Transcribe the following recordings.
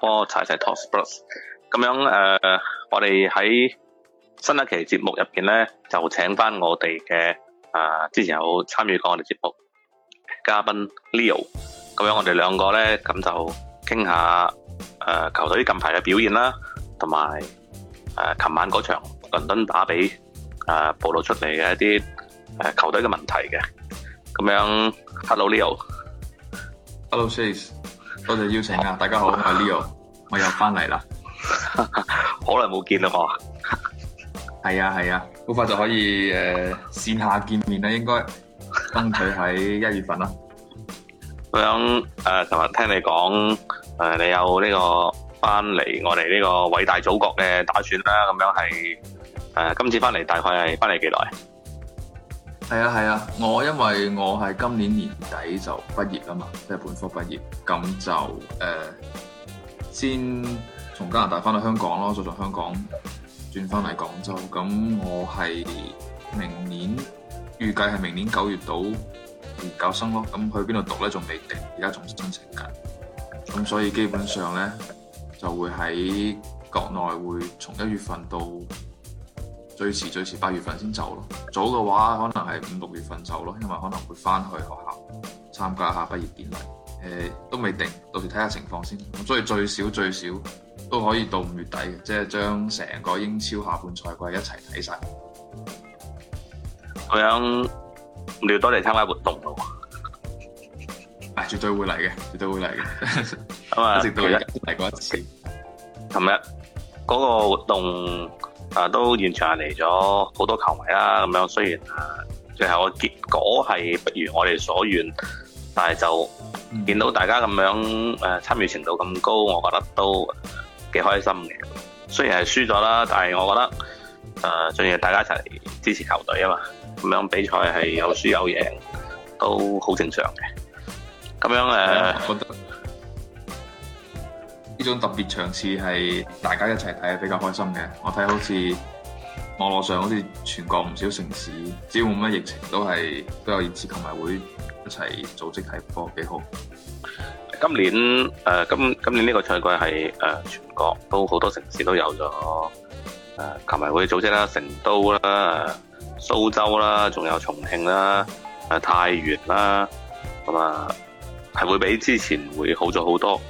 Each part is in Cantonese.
波，齊齊 Talk Spurs，咁樣誒、呃，我哋喺新一期節目入邊咧，就請翻我哋嘅啊，之前有參與過我哋節目嘉賓 Leo，咁樣我哋兩個咧，咁就傾下誒球隊近排嘅表現啦，同埋誒琴晚嗰場北倫敦打比誒暴露出嚟嘅一啲誒、呃、球隊嘅問題嘅，咁樣 Hello Leo，Hello Chase。多謝邀請啊！大家好，我係 Leo， 我又翻嚟啦，好耐冇見啦我。係啊係啊，好、啊、快就可以誒、呃、線下見面啦，應該爭取喺一月份啦。咁樣誒，琴、呃、日聽你講誒、呃，你有呢、呢個翻嚟我哋呢個偉大祖國嘅打算啦。咁樣係誒、呃，今次翻嚟大概係翻嚟幾耐？係啊係啊，我因為我係今年年底就畢業啦嘛，即係本科畢業，咁就誒先從加拿大翻到香港咯，再從香港轉翻嚟廣州，咁我係明年預計係明年九月到研究生咯，咁去邊度讀呢？仲未定，而家仲申請緊，咁所以基本上呢，就會喺國內會從一月份到。最遲最遲八月份先走咯，早嘅話可能係五六月份走咯，因為可能會翻去學校參加下畢業典禮，誒、呃、都未定，到時睇下情況先。咁所以最少最少都可以到五月底，即係將成個英超下半賽季一齊睇晒。我樣你多嚟參加活動咯，係絕對會嚟嘅，絕對會嚟嘅。咁啊，一 直到一嚟過一次，琴日嗰個活動。啊，都現場嚟咗好多球迷啦，咁樣雖然啊，最後嘅結果係不如我哋所願，但係就見到大家咁樣誒、啊、參與程度咁高，我覺得都幾開心嘅。雖然係輸咗啦，但係我覺得誒，雖、啊、然大家一齊支持球隊啊嘛，咁樣比賽係有輸有贏都好正常嘅。咁樣誒。呢種特別場次係大家一齊睇係比較開心嘅。我睇好似網絡上好似全國唔少城市，只要冇乜疫情都係都有熱刺球迷會一齊組織睇波，幾好。今年誒、呃、今今年呢個賽季係誒全國都好多城市都有咗誒球迷會組織啦，成都啦、蘇州啦、仲有重慶啦、誒、呃、太原啦，咁啊係會比之前會好咗好多。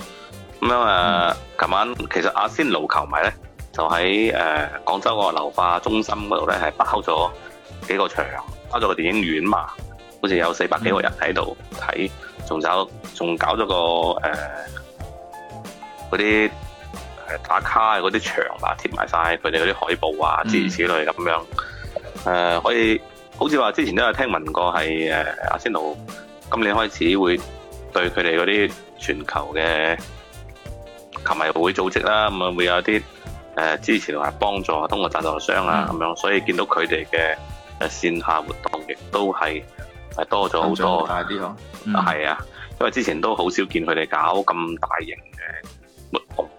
咁、嗯、啊！琴、嗯、晚其實阿仙奴球迷咧，就喺誒、呃、廣州個流化中心嗰度咧，係包咗幾個場，包咗個電影院嘛。好似有四百幾個人喺度睇，仲搞仲搞咗個誒嗰啲係打卡嘅嗰啲牆啊，貼埋晒佢哋嗰啲海報啊，嗯、諸如此類咁樣。誒、呃、可以好似話之前都有聽聞過係誒、呃、阿仙奴今年開始會對佢哋嗰啲全球嘅。同埋會組織啦，咁啊會有啲誒支持同埋幫助，通過贊助商啊咁、嗯、樣，所以見到佢哋嘅誒線下活動亦都係誒多咗好多。大啲咯，嗯，係啊，因為之前都好少見佢哋搞咁大型嘅活動。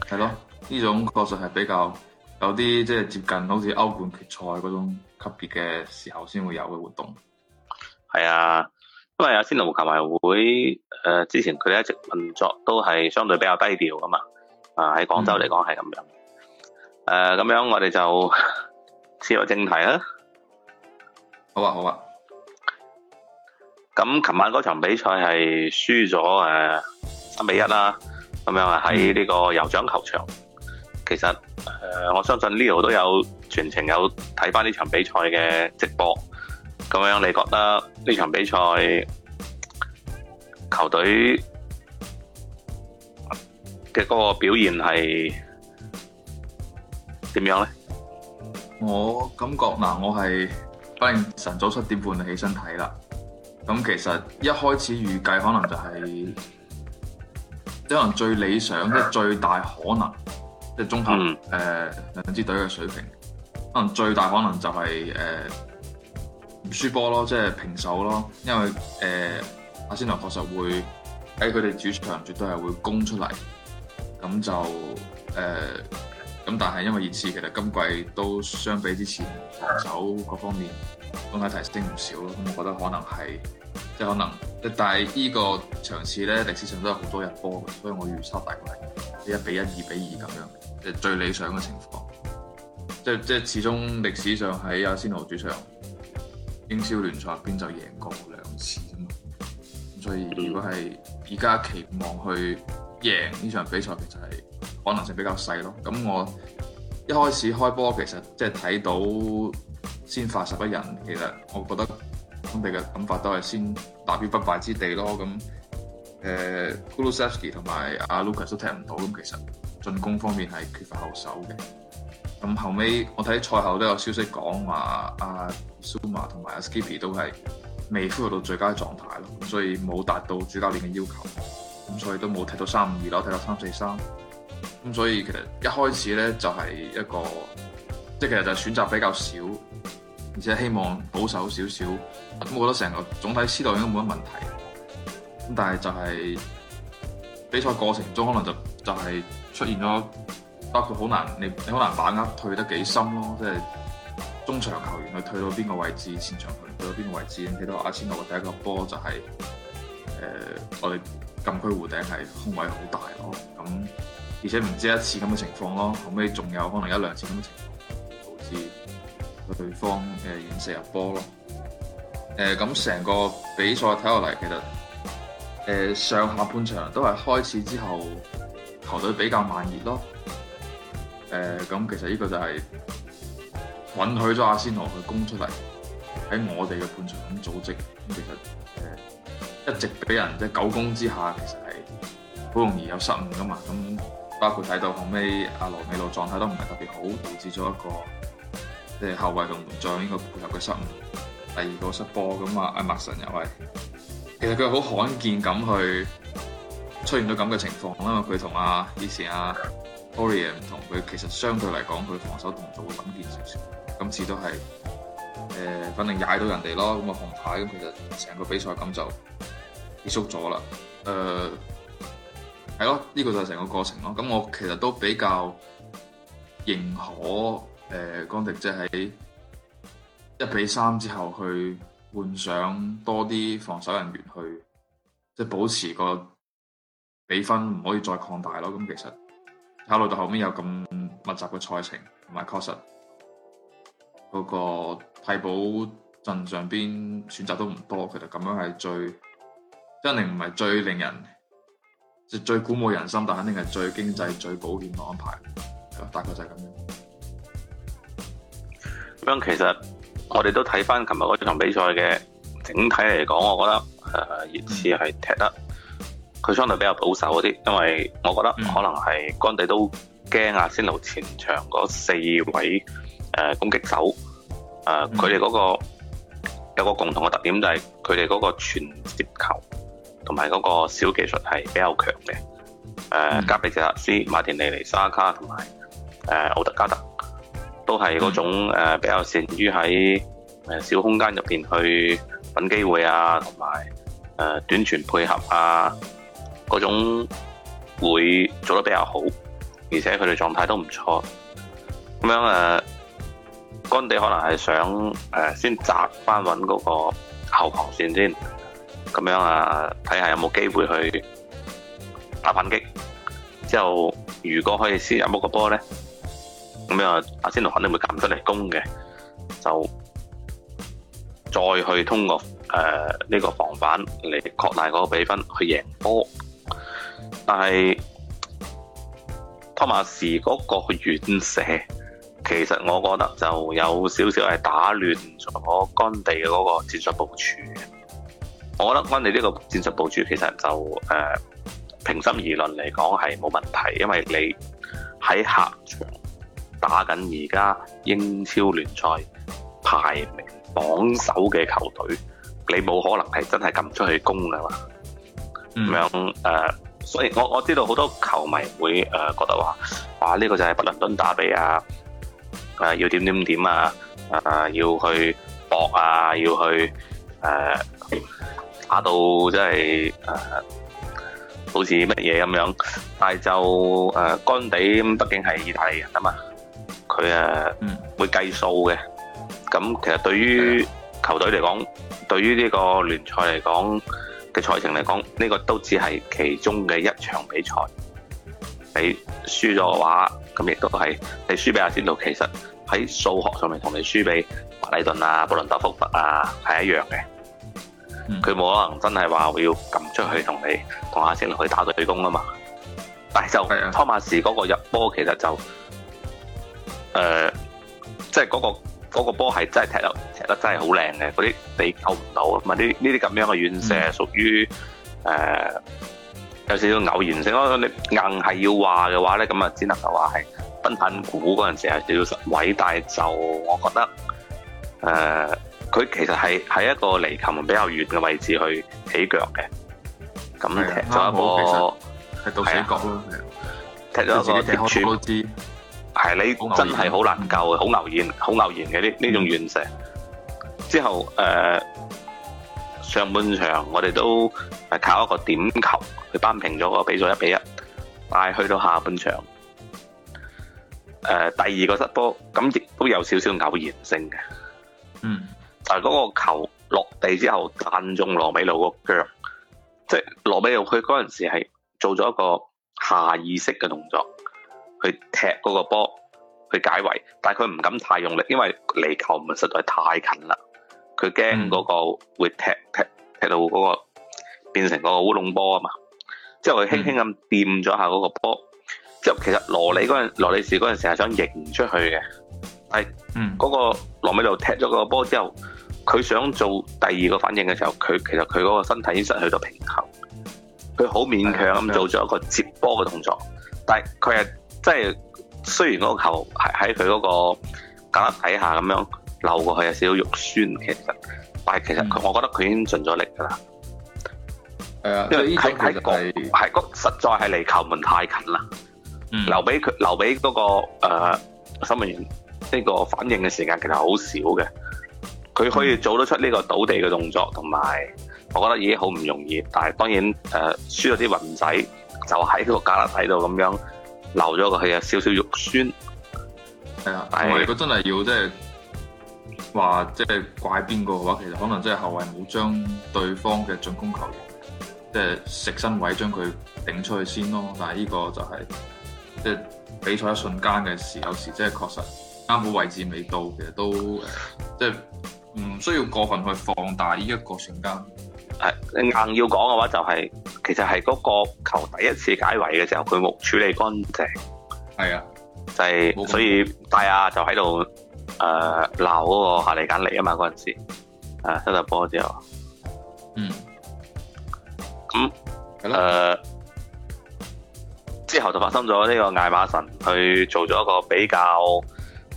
係、嗯、咯，呢、啊、種確實係比較有啲即係接近好似歐冠決賽嗰種級別嘅時候先會有嘅活動。係啊。因為阿仙奴球迷會誒、呃，之前佢哋一直運作都係相對比較低調噶嘛，啊喺廣州嚟講係咁樣。誒、嗯，咁、呃、樣，我哋就切入正題啦。好啊，好啊。咁琴晚嗰場比賽係輸咗誒三比一啦，咁樣啊喺呢個酋長球場。嗯、其實誒、呃，我相信 Leo 都有全程有睇翻呢場比賽嘅直播。咁樣，你覺得呢場比賽球隊嘅嗰個表現係點樣咧？我感覺嗱、呃，我係反正晨早七點半就起身睇啦。咁其實一開始預計可能就係即可能最理想，即、就係、最大可能，即係綜合誒兩支隊嘅水平，可能最大可能就係、係、誒。呃輸波咯，即係平手咯，因為誒阿仙奴確實會喺佢哋主場絕對係會攻出嚟，咁就誒咁。但係因為熱刺其實今季都相比之前防守各方面都有提升唔少咯，咁我覺得可能係即係可能，但係依個場次咧歷史上都有好多日波嘅，所以我預測大概係一比一、二比二咁樣，即係最理想嘅情況。即即係始終歷史上喺阿仙奴主場。英超聯賽入邊就贏過兩次啊嘛，所以如果係而家期望去贏呢場比賽，其實係可能性比較細咯。咁我一開始開波其實即係睇到先發十一人，其實我覺得我哋嘅諗法都係先立於不敗之地咯。咁誒 Kulusevski 同埋阿 Lucas 都踢唔到，咁其實進攻方面係缺乏後手嘅。咁後尾我睇賽後都有消息講話阿 Soma 同埋阿 Skipper 都係未恢復到最佳嘅狀態咯，所以冇達到主教練嘅要求，咁所以都冇踢到三五二咯，踢到三四三，咁所以其實一開始咧就係一個，即係其實就係選擇比較少，而且希望保守少少，咁我覺得成個總體思路應該冇乜問題，咁但係就係比賽過程中可能就就係出現咗，包括好難你你好難把握退得幾深咯，即係。中場球員去退到邊個位置，前場球員退到邊個位置？睇到阿仙奴嘅第一個波就係、是、誒、呃，我哋禁區弧頂係空位好大咯。咁而且唔止一次咁嘅情況咯，後尾仲有可能一兩次咁嘅情況，導、就、致、是、對方誒遠射入波咯。誒咁成個比賽睇落嚟，其實誒、呃、上下半場都係開始之後，球隊比較慢熱咯。誒、呃、咁其實呢個就係、是。允許咗阿仙奴去攻出嚟喺我哋嘅半場咁組織，其實誒一直俾人即係九攻之下，其實係好容易有失誤㗎嘛。咁包括睇到後尾阿羅美羅狀態都唔係特別好，導致咗一個即係後衛同門將呢個配合嘅失誤。第二個失波咁啊，阿麥神又係其實佢好罕見咁去出現咗咁嘅情況，因為佢同阿伊斯啊，Oriya 唔同，佢其實相對嚟講，佢防守動作會穩健少少。今次都係，誒、呃，反正踩到人哋咯，咁啊紅牌咁，其實成個比賽咁就結束咗啦。誒、呃，係咯，呢、這個就係成個過程咯。咁我其實都比較認可誒、呃，江迪即係喺一比三之後去換上多啲防守人員去，即、就、係、是、保持個比分唔可以再擴大咯。咁、嗯、其實～考慮到後面有咁密集嘅賽程，同埋確實嗰個替補陣上邊選擇都唔多，其實咁樣係最，真定唔係最令人，即最鼓舞人心，但肯定係最經濟、最保險嘅安排。大概就係咁樣。咁其實我哋都睇翻琴日嗰場比賽嘅整體嚟講，我覺得誒熱刺係踢得。嗯佢相對比較保守嗰啲，因為我覺得可能係干地都驚阿仙奴前場嗰四位誒、呃、攻擊手，誒佢哋嗰個有個共同嘅特點就係佢哋嗰個傳接球同埋嗰個小技術係比較強嘅。誒、呃嗯，加比謝蘇斯、馬田尼尼、沙卡同埋誒奧特加特，都係嗰種比較擅於喺誒小空間入邊去揾機會啊，同埋誒短傳配合啊。嗰種會做得比較好，而且佢哋狀態都唔錯，咁樣誒，干、呃、地可能係想誒、呃、先紮翻穩嗰個後防線先，咁樣啊睇下有冇機會去打反擊，之後如果可以有沒有球、啊、先入到個波咧，咁啊阿仙奴肯定會夾唔出嚟攻嘅，就再去通過誒呢、呃這個防板嚟擴大嗰個比分去贏波。但係托馬斯嗰個遠射，其實我覺得就有少少係打亂咗干地嘅嗰個戰術部署嘅。我覺得干地呢個戰術部署其實就誒、呃、平心而論嚟講係冇問題，因為你喺客場打緊而家英超聯賽排名榜首嘅球隊，你冇可能係真係撳出去攻㗎嘛，咁、嗯、樣誒。呃所以我我知道好多球迷會誒覺得話，哇、啊！呢、這個就係北倫敦打比啊，誒要點點點啊，誒要去搏啊，啊，要去誒打、啊啊、打到即係誒好似乜嘢咁樣，但係就誒乾、啊、地，畢竟係意大利人他啊嘛，佢、嗯、誒會計數嘅。咁其實對於球隊嚟講、嗯，對於呢個聯賽嚟講，嘅賽程嚟講，呢個都只係其中嘅一場比賽。你輸咗嘅話，咁亦都係你輸俾阿仙奴。其實喺數學上面同你輸俾白禮頓啊、布倫特福特啊係一樣嘅。佢冇可能真係話要撳出去同你同阿仙奴去打對攻啊嘛。但係就托馬士嗰個入波，其實就誒，即係嗰個。嗰、那個波係真係踢得踢得真係好靚嘅，嗰啲你救唔到，咁啊呢呢啲咁樣嘅遠射屬於誒、嗯呃、有少少偶然性咯。你硬係要話嘅話咧，咁啊只能夠話係奔騰股嗰陣時係少少偉大，就我覺得誒佢、呃、其實係喺一個離球門比較遠嘅位置去起腳嘅，咁就一,一個係到死角咯，就是、踢到個電號都知。係你真係好難救，好偶然、好偶然嘅，呢呢種亂射。之後誒、呃，上半場我哋都係靠一個點球去扳平咗個比數一比一。但係去到下半場，誒、呃、第二個失波咁亦都有少少偶然性嘅。嗯，但係嗰個球落地之後彈中羅美路個腳，即係羅美路佢嗰陣時係做咗一個下意識嘅動作。去踢嗰個波去解圍，但係佢唔敢太用力，因為離球門實在太近啦。佢驚嗰個會踢踢踢到嗰、嗰個變成個烏龍波啊嘛。之後佢輕輕咁掂咗下嗰個波，之、嗯、後其實羅里嗰陣羅里士陣成日想迎出去嘅、嗯，但係嗰個羅米路踢咗個波之後，佢想做第二個反應嘅時候，佢其實佢嗰個身體已經失去咗平衡，佢好勉強咁做咗一個接波嘅動作，但係佢係。即係雖然嗰個球喺喺佢嗰個格肋底下咁樣扭過去，有少少肉酸。其實，但係其實我覺得佢已經盡咗力噶啦。係、嗯、啊，因為呢種係係個實，是在、那個、實在係離球門太近啦、嗯。留俾佢留俾嗰、那個誒守門員呢個反應嘅時間其實好少嘅。佢可以做得出呢個倒地嘅動作，同、嗯、埋我覺得已經好唔容易。但係當然誒、呃，輸咗啲運仔就喺個格肋底度咁樣。留咗個氣啊，少少肉酸。係啊，但係、啊、如果真係要即係話即係怪邊個嘅話，其實可能即係後衛冇將對方嘅進攻球員即係食身位將佢頂出去先咯。但係呢個就係即係比賽一瞬間嘅事，有時即係確實啱好位置未到其實，都誒即係唔需要過分去放大呢一個瞬間。係硬要講嘅話，就是，就係其實係嗰個球第一次解圍嘅時候，佢冇處理乾淨。係、就是、啊，就係所以戴亞就喺度誒鬧嗰個哈利簡嚟啊嘛，嗰陣時誒出咗波之後，嗯，咁誒、呃、之後就發生咗呢個艾馬神去做咗一個比較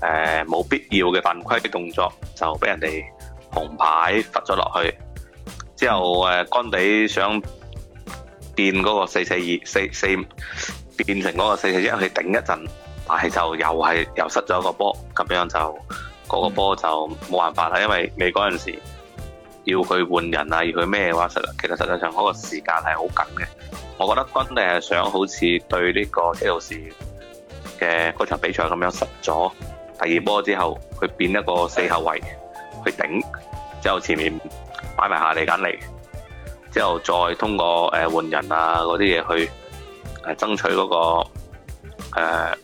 誒冇、呃、必要嘅犯規嘅動作，就俾人哋紅牌罰咗落去。之後誒，干地想變嗰個四四二四四，變成嗰個四四一去頂一陣，但係就又係又失咗個波，咁樣就嗰、嗰個波就冇辦法啦，因為未嗰陣時要佢換人啊，要佢咩嘅話實，其實實際上嗰個時間係好緊嘅。我覺得干地係想好似對呢個車路士嘅嗰場比賽咁樣，樣失咗第二波之後，佢變一個四後位，去頂，之後前面。擺埋下地簡嚟，之後再通過誒換、呃、人啊嗰啲嘢去誒、呃、爭取嗰、那個誒、呃、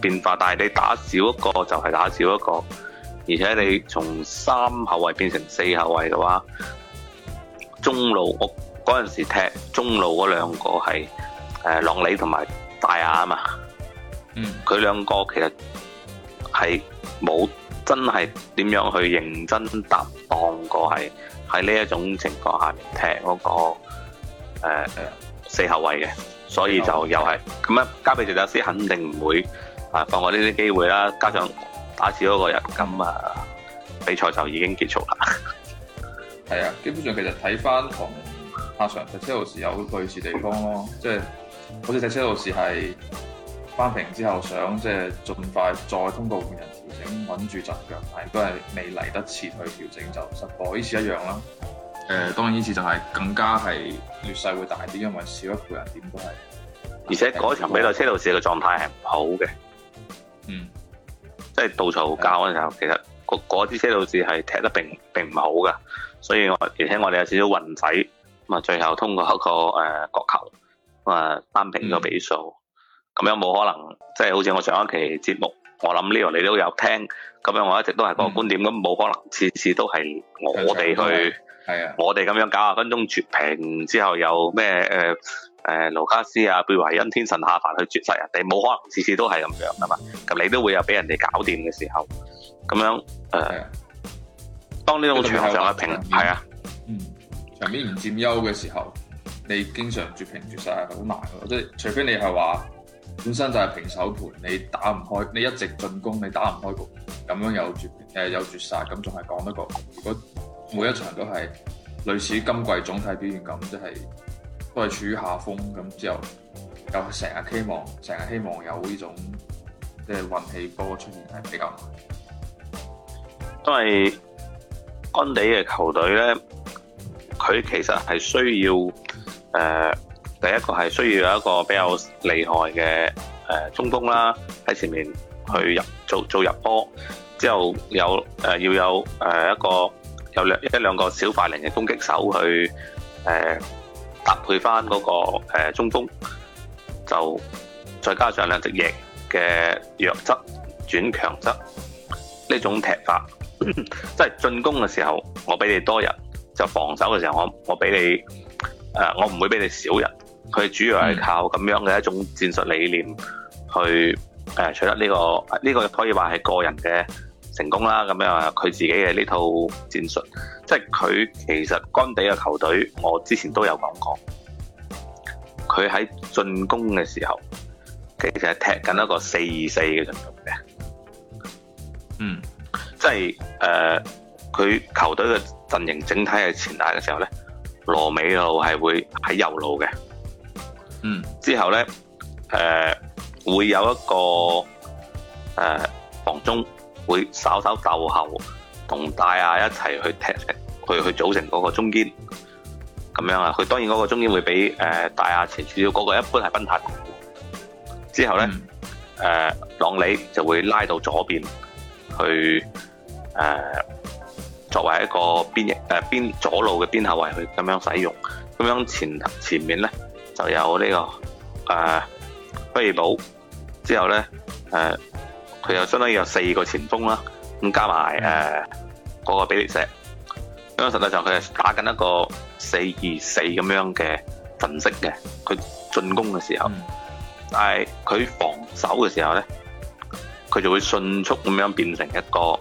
變化。但係你打少一個就係打少一個，而且你從三後衛變成四後衛嘅話，中路屋嗰陣時踢中路嗰兩個係誒朗里同埋戴亞啊嘛。嗯，佢兩個其實係冇真係點樣去認真搭檔過係。喺呢一種情況下面踢嗰、那個誒、呃、四後衞嘅，所以就又係咁樣，交俾迪達斯肯定唔會啊放過呢啲機會啦。加上打少嗰個人今啊，比賽就已經結束啦。係啊，基本上其實睇翻同阿常踢車路士有類似的地方咯，即、就、係、是、好似踢車路士係。翻平之後，想即係盡快再通過換人調整，穩住陣腳。但係都係未嚟得切去調整就失波。呢次一樣啦。誒、呃，當然呢次就係更加係劣勢會大啲，因為少一個人點都係。而且嗰場比賽車路士嘅狀態係唔好嘅。嗯。即係到嘈交嗰陣時候，其實嗰嗰支車路士係踢得並並唔好㗎。所以我而且我哋有少少運仔，咁啊最後通過一、嗰個誒角、呃、球，咁、呃、啊翻平個比數。嗯。咁樣冇可能，即係好似我上一期節目，我諗呢樣你都有聽。咁樣我一直都係嗰個觀點，咁、嗯、冇可能次次都係我哋去，啊、我哋咁樣搞下分鐘絕平之後又咩誒誒盧卡斯啊譬如話恩天神下凡去絕殺人哋，冇可能次次都係咁樣噶嘛。咁、嗯、你都會有俾人哋搞掂嘅時候，咁樣誒、呃啊，當呢種場上嘅平係啊，場面唔佔優嘅時候，你經常絕平絕殺係好難嘅，即係除非你係話。本身就係平手盤，你打唔開，你一直進攻，你打唔開局，咁樣有絕誒、呃、有絕殺，咁仲係講得過。如果每一場都係類似今季總體表現咁，即係都係處於下風，咁之後又成日希望成日希望有呢種嘅運氣波出現係比較難，因為安地嘅球隊咧，佢其實係需要誒、呃第一個係需要有一個比較厲害嘅誒、呃、中鋒啦，喺前面去入做做入波，之後有誒、呃、要有誒、呃、一個有兩一兩個小快靈嘅攻擊手去誒、呃、搭配翻嗰、那個誒、呃、中鋒，就再加上兩隻翼嘅弱側轉強側呢種踢法，即 係進攻嘅時候我俾你多人，就防守嘅時候我我俾你誒、呃、我唔會俾你少人。佢主要係靠咁樣嘅一種戰術理念去誒取得呢個呢個可以話係個人嘅成功啦。咁樣佢自己嘅呢套戰術，即係佢其實乾地嘅球隊，我之前都有講過。佢喺進攻嘅時候，其實係踢緊一個四二四嘅陣容嘅，嗯，即係，即係誒佢球隊嘅陣型整體係前壓嘅時候咧，羅美路係會喺右路嘅。嗯，之後咧，誒、呃、會有一個誒、呃、房中會稍稍逗後同大亞一齊去踢，去去組成嗰個中堅咁樣啊。佢當然嗰個中堅會比誒、呃、大亞前少少，嗰個一般係奔騰。之後咧，誒、嗯呃、朗里就會拉到左邊去，誒、呃、作為一個邊翼誒邊、邊左路嘅邊後衞去咁樣使用。咁樣前前面咧。就有呢、這個誒菲利堡，之後咧誒佢又相當於有四個前鋒啦，咁加埋誒嗰個比利石，咁啊實際上佢係打緊一個四二四咁樣嘅陣式嘅，佢進攻嘅時候，但係佢防守嘅時候咧，佢就會迅速咁樣變成一個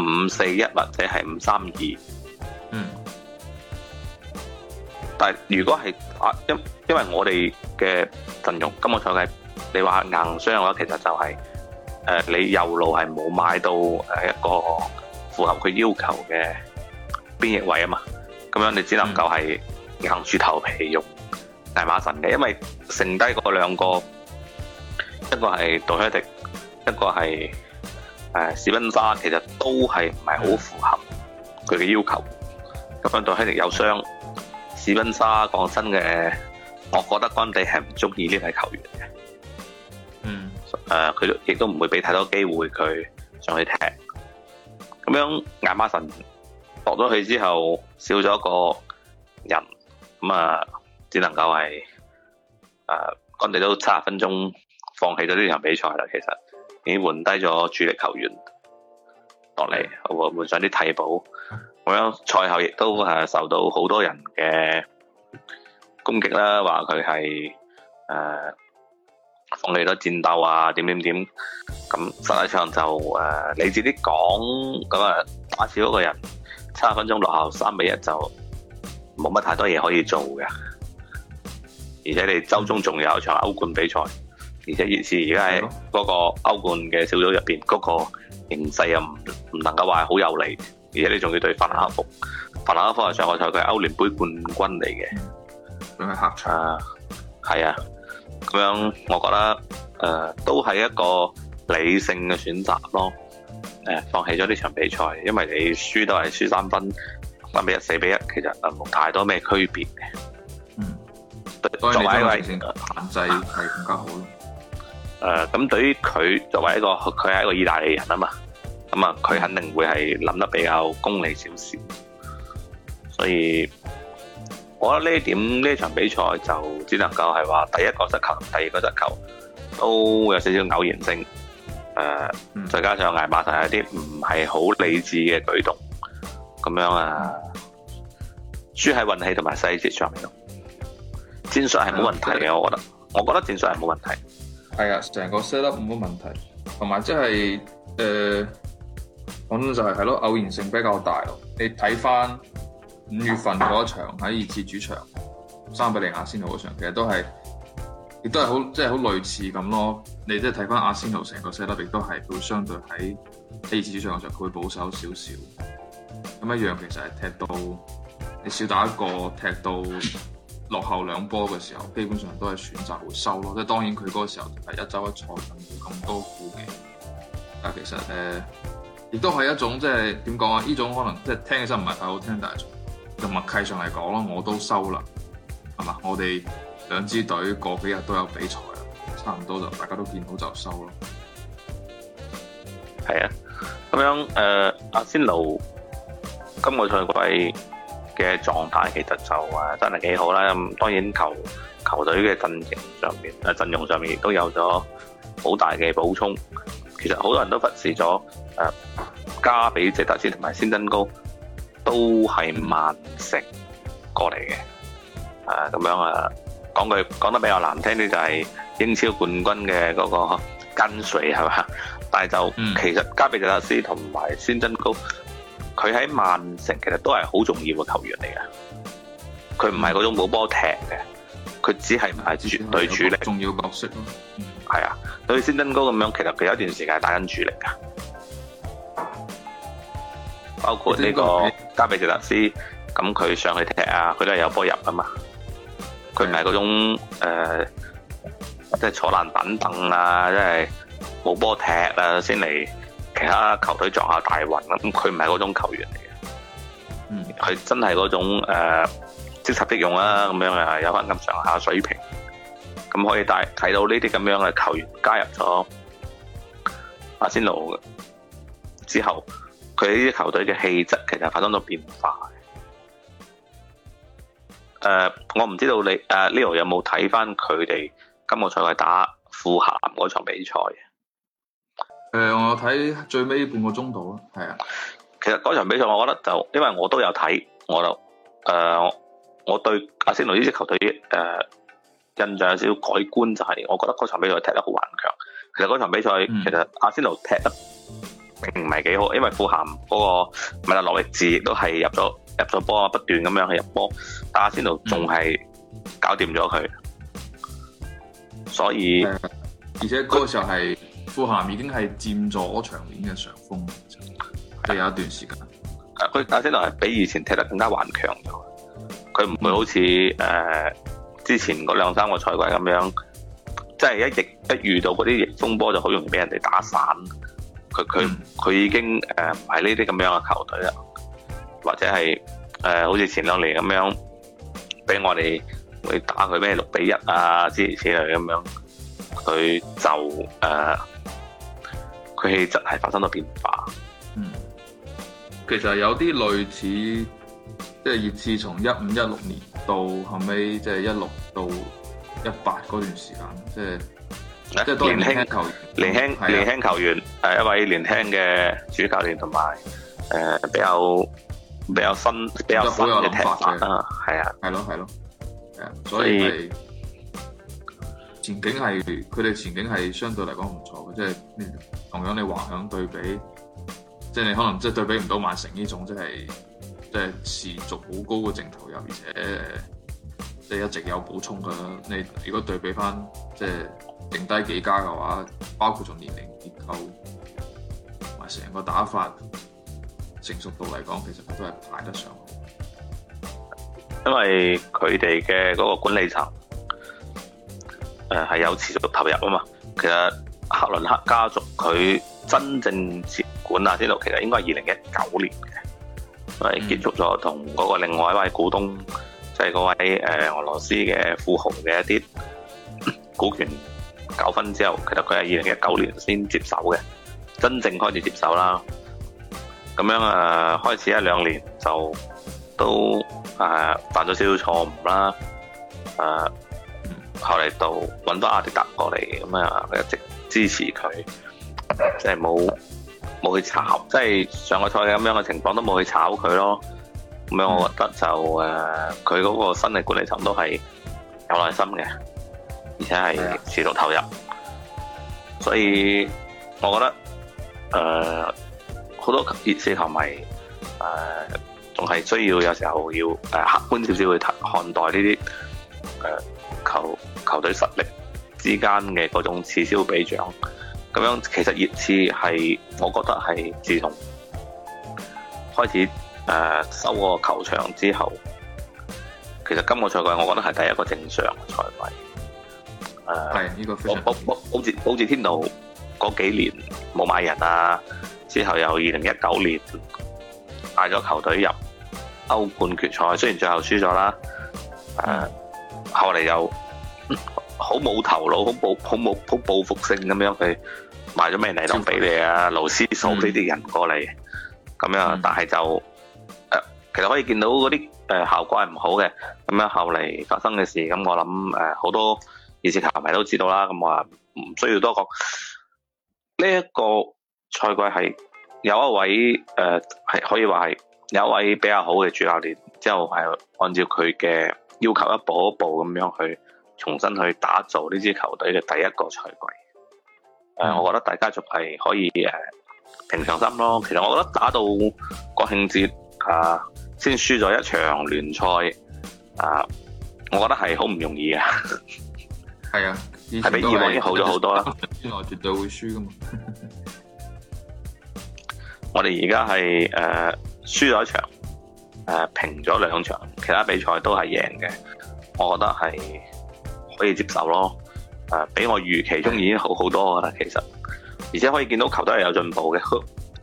五四一或者係五三二。嗯。但係如果係啊，因因為我哋嘅陣容今個賽季，你話硬傷嘅話，其實就係誒你右路係冇買到誒一個符合佢要求嘅邊翼位啊嘛，咁樣你只能夠係硬住頭皮用大馬神嘅，因為剩低嗰兩個一個係杜希迪，一個係誒史賓沙，其實都係唔係好符合佢嘅要求，咁樣杜希迪有傷。史賓莎講真嘅，我覺得軍地係唔中意呢啲球員嘅，嗯，誒佢亦都唔會俾太多機會佢上去踢，咁樣艾馬臣落咗去之後少咗一個人，咁啊只能夠係誒軍地都七十分鐘放棄咗呢場比賽啦，其實已經換低咗主力球員落嚟，換上啲替補。咁樣賽後亦都係受到好多人嘅攻擊啦，話佢係誒放棄咗戰鬥啊，點點點。咁實際上就誒你自己講咁啊，打少一個人，七十分鐘落後三比一就冇乜太多嘢可以做嘅。而且你週中仲有一場歐冠比賽，而且熱刺而家喺嗰個歐冠嘅小組入邊，嗰個形勢又唔唔能夠話好有利。而且你仲要對法蘭克福，法蘭克福又上個賽季歐聯盃冠軍嚟嘅，咁、嗯、樣客場，係啊，咁、啊啊、樣我覺得誒、呃、都係一個理性嘅選擇咯，誒、啊、放棄咗呢場比賽，因為你輸都係輸三分，三比一四比一，其實啊冇太多咩區別。嗯，作為一個限制係更加好咯。誒咁對於佢作為一個佢係、嗯啊、一,一個意大利人啊嘛。咁、嗯、啊，佢肯定會係諗得比較功利少少，所以我覺得呢點，呢場比賽就只能夠係話，第一個失球，第二個失球都有少少偶然性，誒、呃嗯，再加上艾馬特有啲唔係好理智嘅舉動，咁樣啊，輸喺運氣同埋細節上面咯。戰術係冇問題嘅，我覺得是的、就是，我覺得戰術係冇問題。係啊、就是，成個 set up 冇乜問題，同埋即係誒。咁就係係咯，偶然性比較大咯。你睇翻五月份嗰場喺二次主場三比零亞仙奴嗰場，其實都係，亦都係好即係好類似咁咯。你即係睇翻亞仙奴成個 set up，亦都係佢相對喺二次主場嘅時候，佢會保守少少。咁一樣其實係踢到你少打一個，踢到落後兩波嘅時候，基本上都係選擇會收咯。即係當然佢嗰時候係一周一賽咁咁多顧忌，但其實誒。呃。亦都係一種即係點講啊？呢這種可能即係聽起身唔係太好聽，但係從默契上嚟講咯，我都收啦，係嘛？我哋兩支隊過幾日都有比賽啦，差唔多就大家都見到就收咯。係啊，咁樣誒，阿仙奴今個賽季嘅狀態其實就話真係幾好啦。咁、嗯、當然球球隊嘅陣營上面啊，陣容上面亦都有咗好大嘅補充。其實好多人都忽視咗。誒、啊，加比傑達斯同埋仙珍高都係曼城過嚟嘅，誒、啊，咁樣啊，講句講得比較難聽啲就係、是、英超冠軍嘅嗰個跟隨係嘛？但係就其實加比傑達斯同埋仙珍高，佢喺曼城其實都係好重要嘅球員嚟嘅，佢唔係嗰種冇波踢嘅，佢只係唔係絕對主力，重要角色咯，係啊，對仙珍高咁樣，其實佢有一段時間係打緊主力噶。包括呢個加比士達斯，咁佢上去踢啊，佢都係有波入啊嘛。佢唔係嗰種、呃、即係坐爛板凳啊，即係冇波踢啊，先嚟其他球隊撞下大運啊。咁佢唔係嗰種球員嚟嘅，嗯，佢真係嗰種誒、呃、即插即用啦，咁樣啊，樣有翻咁上下水平，咁可以帶睇到呢啲咁樣嘅球員加入咗阿仙奴之後。佢呢啲球隊嘅氣質其實發生咗變化嘅、呃，我唔知道你誒、啊、Leo 有冇睇翻佢哋今個賽季打富咸嗰場比賽。誒、呃，我睇最尾半個鐘度啦。係啊。其實嗰場比賽，我覺得就因為我都有睇，我就誒、呃，我對阿仙奴呢支球隊誒、呃、印象有少少改觀，就係、是、我覺得嗰場比賽踢得好頑強。其實嗰場比賽、嗯，其實阿仙奴踢得並唔係幾好，因為富咸嗰個米勒洛力智亦都係入咗入咗波，不斷咁樣去入波，但阿仙奴仲係搞掂咗佢，所以而且嗰個時候係富咸已經係佔咗場面嘅上風，係有一段時間，佢阿仙奴係比以前踢得更加頑強咗，佢唔會好似誒、嗯呃、之前嗰兩三個賽季咁樣，即係一逆一遇到嗰啲逆風波就好容易俾人哋打散。佢佢佢已經唔係呢啲咁樣嘅球隊啦，或者係誒、呃、好似前兩年咁樣，俾我哋去打佢咩六比一啊之類之類咁樣，佢就誒，佢氣質係發生咗變化。嗯，其實有啲類似，即係熱刺從一五一六年到後尾、就是，即係一六到一八嗰段時間，即係。就是、多年輕年輕年輕球員，係一位年輕嘅主教練同埋，誒、呃、比較比較新比較好有諗法嘅，係啊，係咯係咯，係啊，所以，所以前景係佢哋前景係相對嚟講唔錯嘅，即係同樣你橫向對比，即係你可能即係對比唔到曼城呢種即係即係持續好高嘅淨投入嘅。即係一直有補充嘅。你如果對比翻，即係剩低幾家嘅話，包括從年齡結構同埋成個打法成熟度嚟講，其實佢都係排得上的。因為佢哋嘅嗰個管理層，誒、呃、係有持續投入啊嘛。其實克倫克家族佢真正接管啊，呢度其實應該係二零一九年嘅，係、嗯、結束咗同嗰個另外一位股東。即係嗰位誒俄羅斯嘅富豪嘅一啲股權糾紛之後，其實佢係二零一九年先接手嘅，真正開始接手啦。咁樣誒、啊、開始一兩年就都誒、啊、犯咗少少錯誤啦。誒、啊、後嚟到揾返阿迪達過嚟，咁啊一直支持佢，即係冇冇去炒，即係上個賽嘅咁樣嘅情況都冇去炒佢咯。咁樣我覺得就誒，佢、呃、嗰個新嘅管理層都係有耐心嘅，而且係持續投入。所以我覺得誒，好、呃、多熱刺球迷誒，仲、呃、係需要有時候要誒客、呃、觀少少去睇看待呢啲誒球球隊實力之間嘅嗰種此消彼長。咁樣其實熱刺係，我覺得係自從開始。誒，收個球場之後，其實今個賽季我覺得係第一個正常嘅賽季。誒，我我保保住保住天奴嗰幾年冇買人啊，之後又二零一九年帶咗球隊入歐冠決賽，雖然最後輸咗啦，誒，後嚟又好冇頭腦，好暴好冇好報復性咁樣，佢賣咗咩嘢嚟到俾你啊？勞斯收呢啲人過嚟，咁樣，但係就。其實可以見到嗰啲誒效果係唔好嘅，咁樣後嚟，發生嘅事，咁我諗誒好多熱刺球迷都知道啦。咁我話唔需要多講，呢、這、一個賽季係有一位誒係、呃、可以話係有一位比較好嘅主教練，之後係按照佢嘅要求一步一步咁樣去重新去打造呢支球隊嘅第一個賽季。誒、呃，我覺得大家仲係可以誒、呃、平常心咯。其實我覺得打到國慶節啊～先輸咗一場聯賽啊，我覺得係好唔容易的是啊，係啊，係比以往已經好咗好多啦。之內絕對會輸噶嘛， 我哋而家係誒輸咗一場，誒、呃、平咗兩場，其他比賽都係贏嘅，我覺得係可以接受咯。誒、呃，比我預期中已經好好多噶啦，其實，而且可以見到球都係有進步嘅，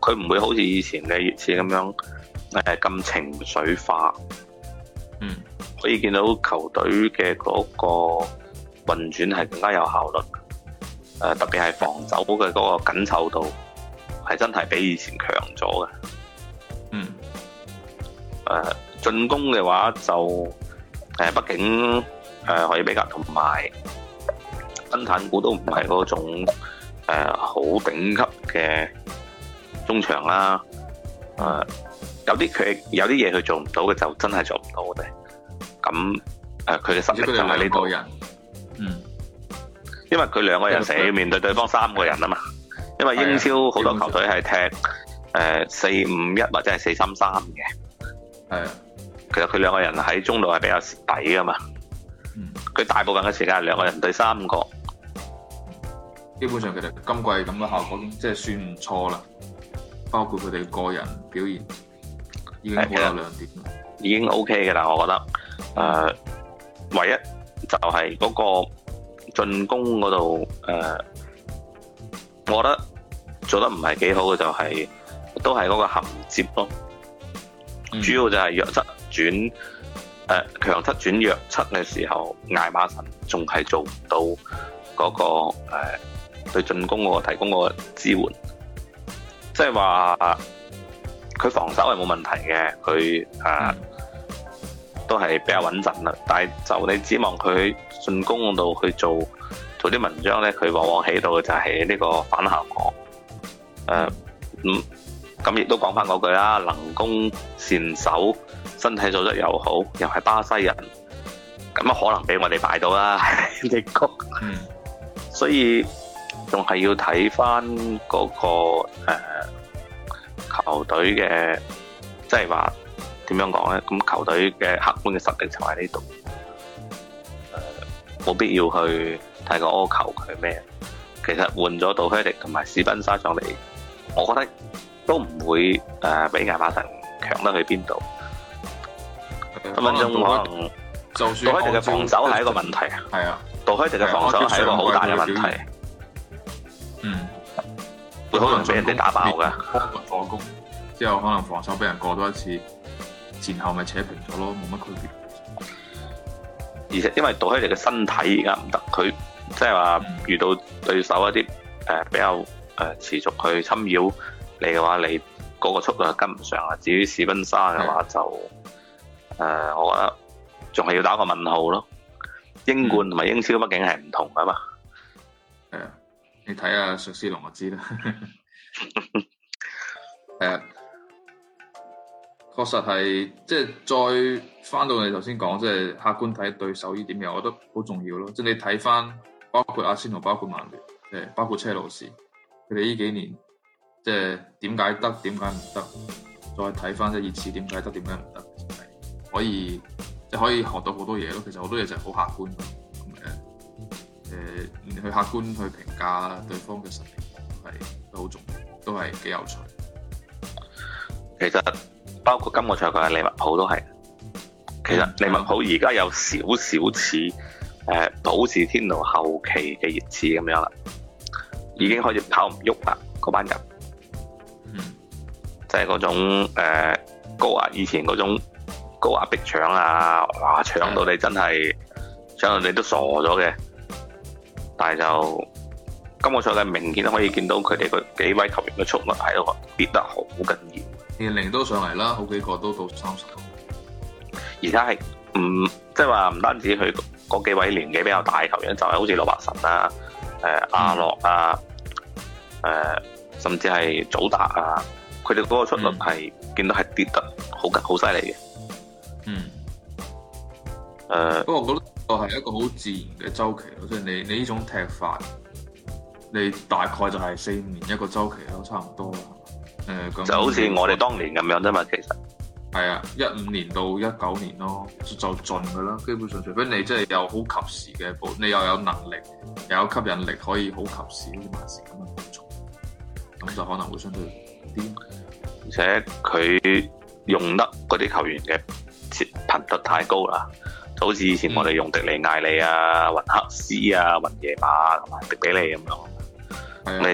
佢唔會好似以前嘅熱刺咁樣。誒咁情緒化，嗯，可以見到球隊嘅嗰個運轉係更加有效率，誒特別係防守嘅嗰個緊湊度係真係比以前強咗嘅，嗯，誒、啊、進攻嘅話就誒、啊、畢竟誒可以比較同埋賓坦古都唔係嗰種好、啊、頂級嘅中場啦、啊，誒、啊。有啲佢有啲嘢佢做唔到嘅，就真係做唔到嘅。咁誒，佢、呃、哋實力就係呢個人，嗯，因為佢兩個人成日要面對對方三個人啊嘛。因為英超好多球隊係踢誒四五一或者係四三三嘅，係其實佢兩個人喺中路係比較蝕底噶嘛。佢、嗯、大部分嘅時間係兩個人對三個，基本上其實今季咁嘅效果，即係算唔錯啦。包括佢哋個人表現。已經，嗯、已經 OK 嘅啦。我覺得，誒、呃，唯一就係嗰個進攻嗰度，誒、呃，我覺得做得唔係幾好嘅就係、是，都係嗰個銜接咯。嗯、主要就係弱側轉，誒強側轉弱側嘅時候，艾馬臣仲係做唔到嗰、那個誒、呃、對進攻嗰個提供個支援，即係話。佢防守係冇問題嘅，佢啊都係比較穩陣啦。但係就你指望佢進攻度去做做啲文章咧，佢往往起到嘅就係呢個反效果。誒，咁咁亦都講翻嗰句啦，能攻善守，身體素質又好，又係巴西人，咁啊可能俾我哋擺到啦，結局。所以仲係要睇翻嗰個誒。球隊嘅，即係話點樣講咧？咁球隊嘅客觀嘅實力就喺呢度，冇、呃、必要去太過苛求佢咩。其實換咗杜菲迪同埋史賓莎上嚟，我覺得都唔會誒、呃、比亞馬臣強得去邊度。分分鐘可能，杜菲迪嘅防守係一個問題。係啊，杜菲迪嘅防守係一個好大嘅問題。佢可能俾人哋打爆噶，助攻之後可能防守俾人過多一次，前後咪扯平咗咯，冇乜區別。而且因為杜克尼嘅身體而家唔得，佢即係話遇到對手一啲誒、呃、比較誒、呃、持續去侵擾你嘅話，你個個速度係跟唔上啊。至於史賓沙嘅話就誒、呃，我覺得仲係要打個問號咯。英冠同、嗯、埋英超畢竟係唔同噶嘛。嗯。你睇下瑞士龍我知啦，係啊，確 實係，即係再翻到你哋頭先講，即係客觀睇對手呢點嘢，我覺得好重要咯。即係你睇翻，包括阿仙奴，包括曼聯，誒、就是，包括車路士，佢哋呢幾年，即係點解得，點解唔得，再睇翻即係熱刺，點解得，點解唔得，可以即係、就是、可以學到好多嘢咯。其實好多嘢就係好客觀。誒，去客觀去評價對方嘅實力係都好重要，都係幾有趣。其實包括今個賽季嘅利物浦都係，其實利物浦而家有少少似誒，保、嗯嗯、時天奴後期嘅熱刺咁樣啦，已經開始跑唔喐啦，嗰班人，嗯，即係嗰種誒、呃，高壓以前嗰種高壓逼搶啊，哇，搶到你真係，搶、嗯、到你都傻咗嘅。但係就今個賽季明顯可以見到佢哋個幾位球員嘅出率喺度跌得好緊要，年齡都上嚟啦，好幾個都到三十，而且係唔即係話唔單止佢嗰幾位年紀比較大嘅球員，就係、是、好似羅伯神啊、誒、呃、阿洛啊、誒、嗯呃、甚至係祖達啊，佢哋嗰個出率係見到係跌得好緊好犀利嘅，嗯，誒。嗯嗯呃我、就、係、是、一個好自然嘅周期咯，即係你你呢種踢法，你大概就係四五年一個周期咯，差唔多。誒、呃，就好似我哋當年咁樣啫嘛，其實係啊，一五年到一九年咯，就盡噶啦，基本上除非你真係有好及時嘅補，你又有能力，又有吸引力，可以好及時好似咁樣運作，咁就可能會相對啲。而且佢用得嗰啲球員嘅頻率太高啦。就好似以前我哋用迪尼艾利啊、雲克斯啊、雲耶馬同埋迪比利咁樣，呢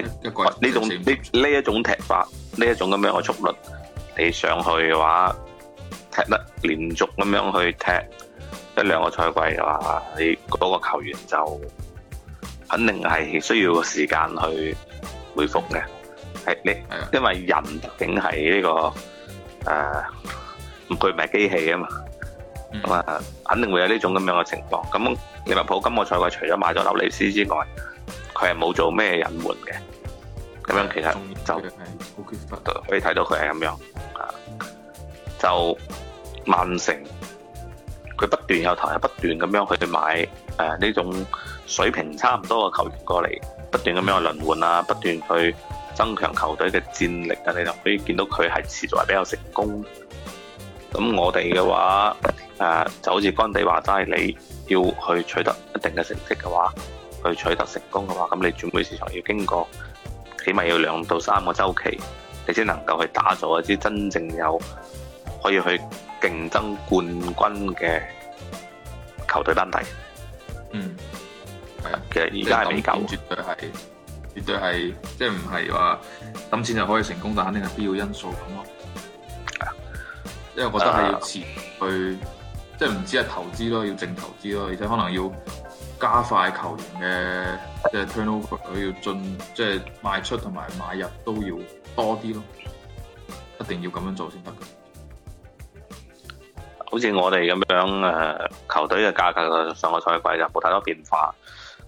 呢種呢呢一種踢法，呢一種咁樣嘅速率，你上去嘅話，踢得連續咁樣去踢一兩個賽季嘅話，你嗰個球員就肯定係需要時間去恢復嘅。係你因為人畢竟係呢個誒唔，佢唔係機器啊嘛。咁、嗯、啊，肯定會有呢種咁樣嘅情況。咁利物浦今個賽季除咗買咗紐尼斯之外，佢係冇做咩隱瞞嘅。咁樣其實就、嗯嗯、就可以睇到佢係咁樣。嗯、就曼城，佢不斷有投入，不斷咁樣去買誒呢、呃、種水平差唔多嘅球員過嚟，不斷咁樣去輪換啊，不斷去增強球隊嘅戰力啊、嗯，你就可以見到佢係持續係比較成功的。咁我哋嘅話，誒就好似干地話齋，你要去取得一定嘅成績嘅話，去取得成功嘅話，咁你轉會市場要經過起碼要兩到三個週期，你先能夠去打造一支真正有可以去競爭冠軍嘅球隊班底。嗯，係啊，而家嚟講絕對係，絕對係，即係唔係話抌錢就可以成功，但肯定係必要因素咁咯。因為我覺得係要去。啊即係唔止係投資咯，要淨投資咯，而且可能要加快球員嘅即係 turnover，佢要進，即係賣出同埋買入都要多啲咯，一定要咁樣做先得噶。好似我哋咁樣誒，球隊嘅價格上個賽季就冇太多變化，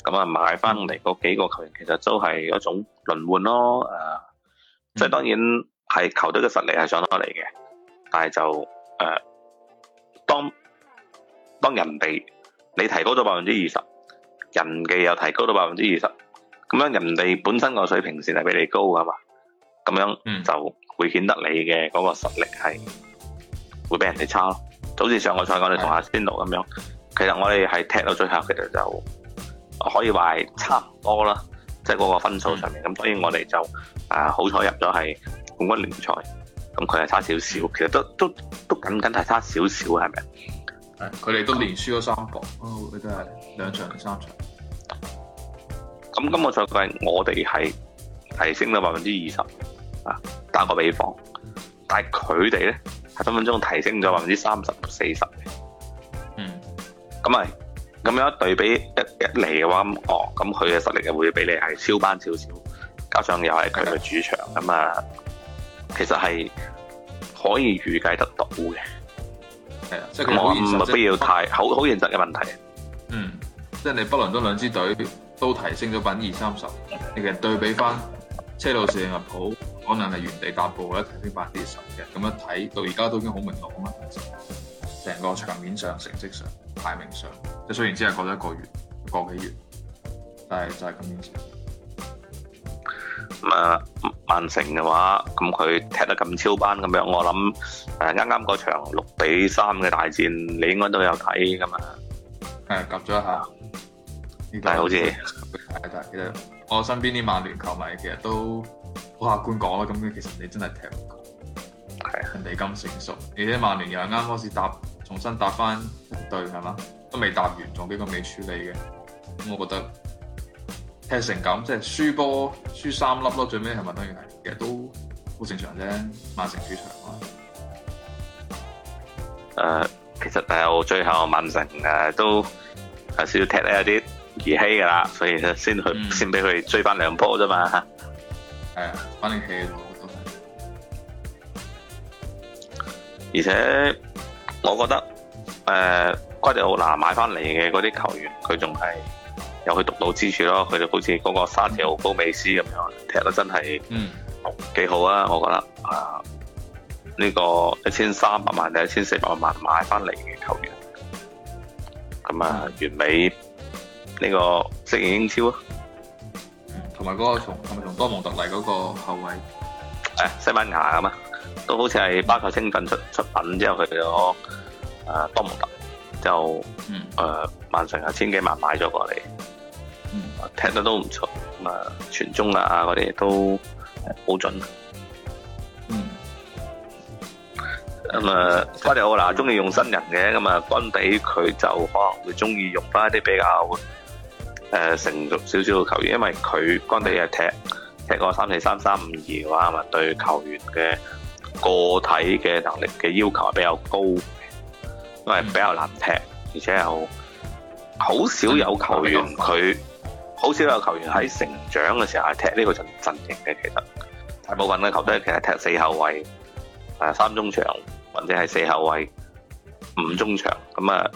咁啊買翻嚟嗰幾個球員其實都係一種輪換咯，誒，即係當然係球隊嘅實力係上咗嚟嘅，但係就誒、呃、當。當人哋你提高咗百分之二十，人哋又提高咗百分之二十，咁樣人哋本身個水平線係比你高啊嘛，咁樣就會顯得你嘅嗰個實力係會比人哋差咯。就好似上個賽我再講你同阿仙奴咁樣，其實我哋係踢到最後，其實就可以話係差唔多啦，即係嗰個分數上面。咁所以我哋就啊好彩入咗係冠軍聯賽，咁佢係差少少，其實都都都僅僅係差少少，係咪？佢哋都連輸咗三局，佢都係兩場三場。咁今個賽季我哋係提升咗百分之二十啊，打個比方，嗯、但係佢哋咧，係分分鐘提升咗百分之三十到四十。嗯，咁咪咁樣對比一一嚟嘅話，哦，咁佢嘅實力會比你係超班少少，加上又係佢嘅主場咁啊、嗯，其實係可以預計得到嘅。係啊，即係佢冇現實。必、嗯、要太，、嗯、太好好現實嘅問題。嗯，即係你北倫敦兩支隊都提升咗百分之二三十。你其實對比翻車路士嘅埋普，可能係原地踏步或者提升百分之十嘅。咁一睇到而家都已經好明朗啊嘛，成個場面上、成績上、排名上，即係雖然只係過咗一個月、個幾月，但係就係咁樣子。啊，曼城嘅話，咁佢踢得咁超班咁樣，我諗誒啱啱嗰場六比三嘅大戰，你應該都有睇噶嘛？係，及咗一下。但係好似其實我身邊啲曼聯球迷其實都好客觀講啦，咁其實你真係踢唔過，人哋咁成熟，而且曼聯又啱開始搭重新搭翻一隊係嘛，都未搭完，仲幾個未處理嘅，咁我覺得。踢成咁，即係輸波輸三粒咯，最尾係咪當然係，其實都好正常啫。曼城主場嘛，誒、呃，其實我最後曼城誒都係少踢有啲兒戲噶啦，所以才去、嗯、先去先俾佢追翻兩波啫嘛。係、嗯、啊，反正戲我覺得係。而且，我覺得誒，瓜迪奧拿買翻嚟嘅嗰啲球員，佢仲係。有佢獨到之處咯，佢哋好似嗰個沙治奧高美斯咁樣踢得真係幾好啊，嗯！我覺得啊，呢、呃呢個一千三百萬定一千四百萬買翻嚟嘅球員，咁、嗯、啊、嗯、完美呢、呢個適應英超啊，同埋嗰個從係咪從多蒙特嚟嗰個後衞？西班牙㗎嘛，都好似係巴塞青訓出出品之後去咗誒、呃、多蒙特，就誒、嗯呃、曼城係千幾萬買咗過嚟。踢得都唔錯，咁啊傳中啊嗰啲都好準。嗯，咁、嗯、啊，瓜迪奧娜中意用新人嘅，咁啊，干地佢就可能會中意用翻一啲比較誒、呃、成熟少少嘅球員，因為佢干地嘅踢踢個三四三三五二嘅話，咪對球員嘅個體嘅能力嘅要求係比較高，因為比較難踢，嗯、而且又好少有球員佢。嗯好少有球員喺成長嘅時候係踢呢個陣陣型嘅。其實大部分嘅球隊其實踢四後衛誒三中場或者係四後衛五中場，咁啊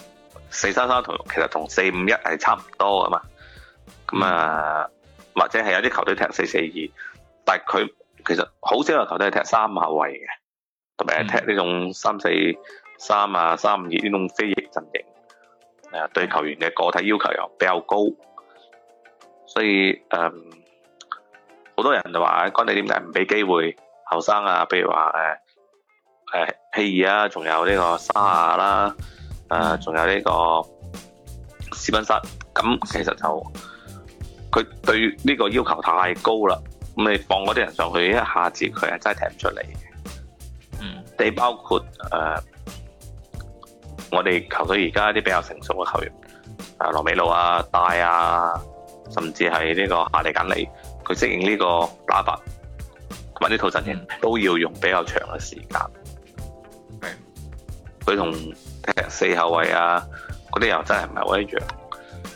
四三三同其實同四五一係差唔多啊嘛。咁啊或者係有啲球隊踢四四二，但係佢其實好少有球隊係踢三後衛嘅，特別係踢呢種三四三啊三五二呢種飛翼陣型誒，對球員嘅個體要求又比較高。所以，嗯，好多人就話，干地點解唔俾機會後生啊？譬如話，誒、欸，誒，希爾啊，仲有呢個沙亞啦，誒，仲有呢個斯賓塞，咁其實就佢對呢個要求太高啦。咁你放嗰啲人上去，一下子佢係真係踢唔出嚟。嗯，你包括誒、呃，我哋球隊而家啲比較成熟嘅球員，羅美露啊，羅比奴啊，戴啊。甚至係呢個夏利簡尼，佢適應呢個打法同埋呢套陣型、嗯，都要用比較長嘅時間。係、嗯，佢同踢四後衞啊嗰啲又真係唔係好一樣，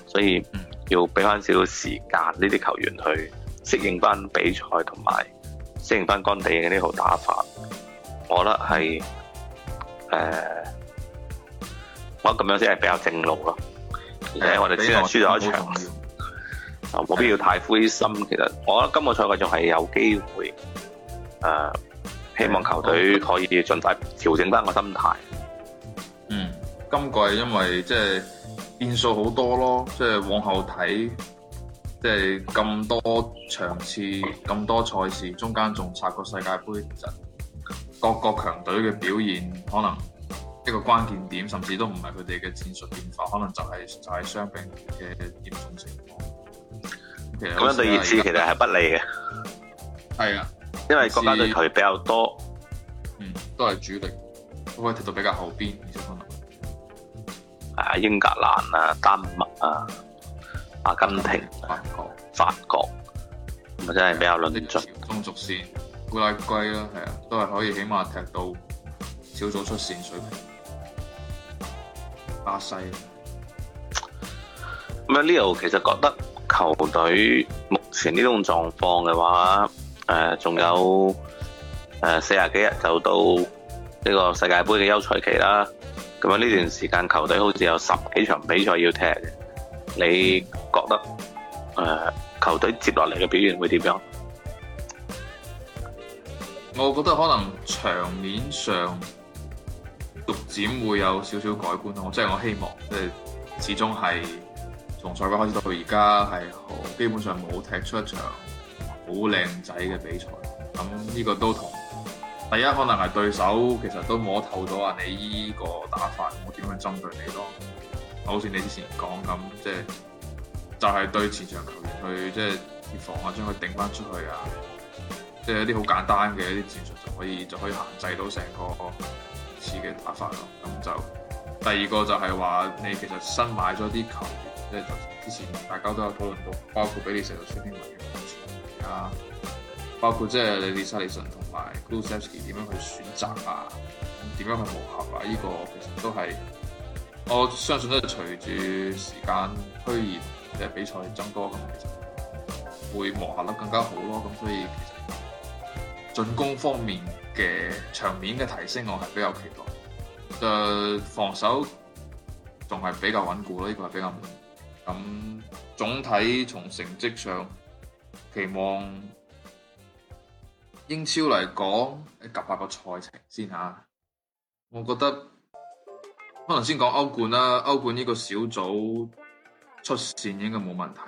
所以要俾翻少少時間呢啲球員去適應翻比賽同埋適應翻干地嘅呢套打法。我覺得係誒、呃，我覺得咁樣先係比較正路咯。而、嗯、且我哋只係輸咗一場。啊！冇必要太灰心。其實我覺得今個賽季仲係有機會。誒、啊，希望球隊可以盡快調整翻個的心態。嗯，今季因為即係、就是、變數好多咯，即、就、係、是、往後睇，即係咁多場次、咁、嗯、多賽事，中間仲插個世界盃，各個強隊嘅表現可能一個關鍵點，甚至都唔係佢哋嘅戰術變化，可能就係、是、就係傷病嘅嚴重情況。咁樣對熱刺其實係不利嘅，係啊，因為國家隊球員比較多，嗯，都係主力，都可以踢到比較後邊。係啊，英格蘭啊、丹麥啊、阿根廷、法國、法國，咁啊真係比較論盡。中足線烏拉圭啦，係啊，都係可以起碼踢到小組出線水平。巴西咁樣 Leo 其實覺得。球隊目前呢種狀況嘅話，誒、呃，仲有誒四廿幾日就到呢個世界杯嘅休賽期啦。咁樣呢段時間球隊好似有十幾場比賽要踢，你覺得誒、呃、球隊接落嚟嘅表現會點樣？我覺得可能場面上逐漸會有少少改觀咯，即係我希望，即、就、係、是、始終係。從賽季開始到而家係基本上冇踢出一場好靚仔嘅比賽。咁呢個都同第一可能係對手，其實都摸透到啊，你依個打法，我點樣針對你咯。好似你之前講咁，即係就係對前場球員去即係貼防啊，將佢頂翻出去啊，即係一啲好簡單嘅一啲戰術就可以就可以限制到成個次嘅打法咯。咁就第二個就係話你其實新買咗啲球。即係就之前，大家都有討論到，包括比利時同蘇聯嘅嘅分歧啊，包括即係 Richarlison 同埋 Kulusevski 點樣去選擇啊，點樣去磨合啊？呢個其實都係我相信都係隨住時間推移，即係比賽增多咁，其實會磨合得更加好咯。咁所以其實進攻方面嘅場面嘅提升，我係比較期待。誒，防守仲係比較穩固咯，呢個係比較。咁總體從成績上，期望英超嚟講，你夾下個賽程先吓。我覺得可能先講歐冠啦，歐冠呢個小組出線應該冇問題。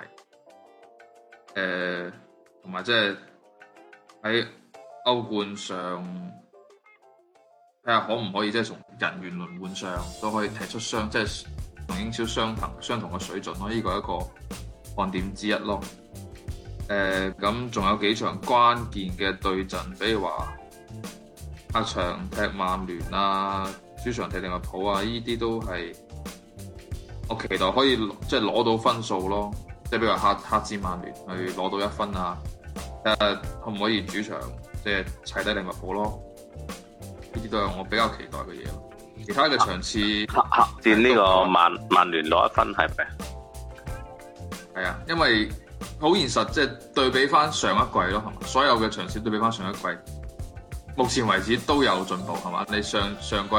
誒、呃，同埋即係喺歐冠上睇下可唔可以，即係從人員輪換上都可以提出雙，即係。就是同英超相同相同嘅水準咯，呢個係一個看點之一咯。誒、呃，咁仲有幾場關鍵嘅對陣，比如話客、啊、場踢曼聯啊，主場踢利物浦啊，呢啲都係我期待可以即係攞到分數咯。即係比如話客客戰曼聯去攞到一分啊，誒，可唔可以主場即係、就是、砌低利物浦咯？呢啲都係我比較期待嘅嘢。其他嘅場次，賀賀戰呢、這個曼曼聯攞一分係咪？係啊，因為好現實，即、就、係、是、對比翻上一季咯，所有嘅場次對比翻上一季，目前為止都有進步係嘛？你上上季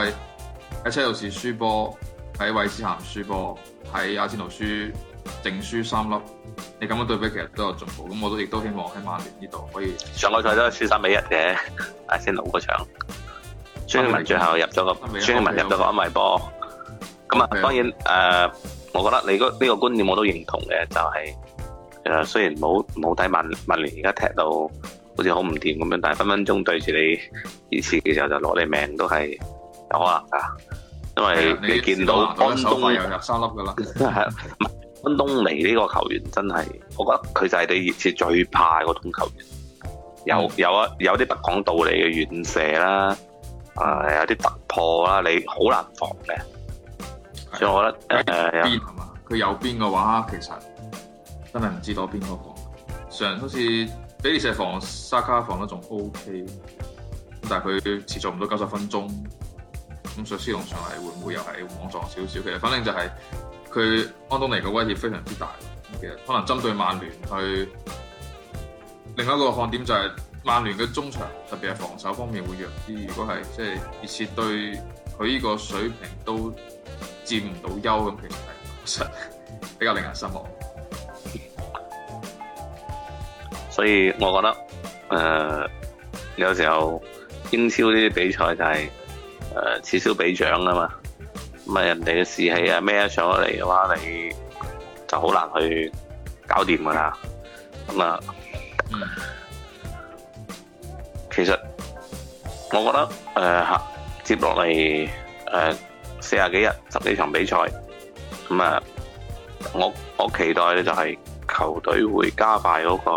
喺車路士輸波，喺韋斯咸輸波，喺阿仙奴輸淨輸三粒，你咁樣對比其實都有進步，咁我都亦都希望喺曼聯呢度可以。上個賽都輸三比一嘅，阿、啊、仙奴個場。 孫文最後入咗個，孫、啊啊、文入咗個安慰波。咁啊，當、啊、然，誒、啊啊啊啊，我覺得你嗰呢個觀念我都認同嘅，就係、是、誒，雖然冇冇睇曼曼聯而家踢到好似好唔掂咁樣，但係分分鐘對住你熱刺嘅時候就攞你命都係有可能啊，因為你見到安東尼入三粒嘅啦、啊啊啊 啊、東尼呢個球員真係，我覺得佢就係對熱刺最怕嗰種球員，嗯、有有啊有啲不講道理嘅遠射啦。係有啲突破啦，你好難防嘅。所以我覺得誒，邊係嘛？佢、呃、右邊嘅話，其實真係唔知道邊個防。常好似比利社防沙卡防得仲 OK，但係佢持續唔到九十分鐘。咁所以斯隆上嚟會唔會又係莽撞少少？其實反正就係佢安東尼嘅威脅非常之大。其實可能針對曼聯去。另一個看點就係、是。曼聯嘅中場特別係防守方面會弱啲，如果係即係熱刺對佢依個水平都佔唔到優咁，其實係比較令人失望。所以我覺得誒、呃、有時候英超呢啲比賽就係誒此消彼長啊嘛，咁啊人哋嘅士氣啊咩啊上咗嚟嘅話，你就好難去搞掂噶啦，咁、嗯、啊。嗯其實我覺得誒、呃，接落嚟誒四廿幾日十幾場比賽，咁啊，我我期待咧就係球隊會加快嗰個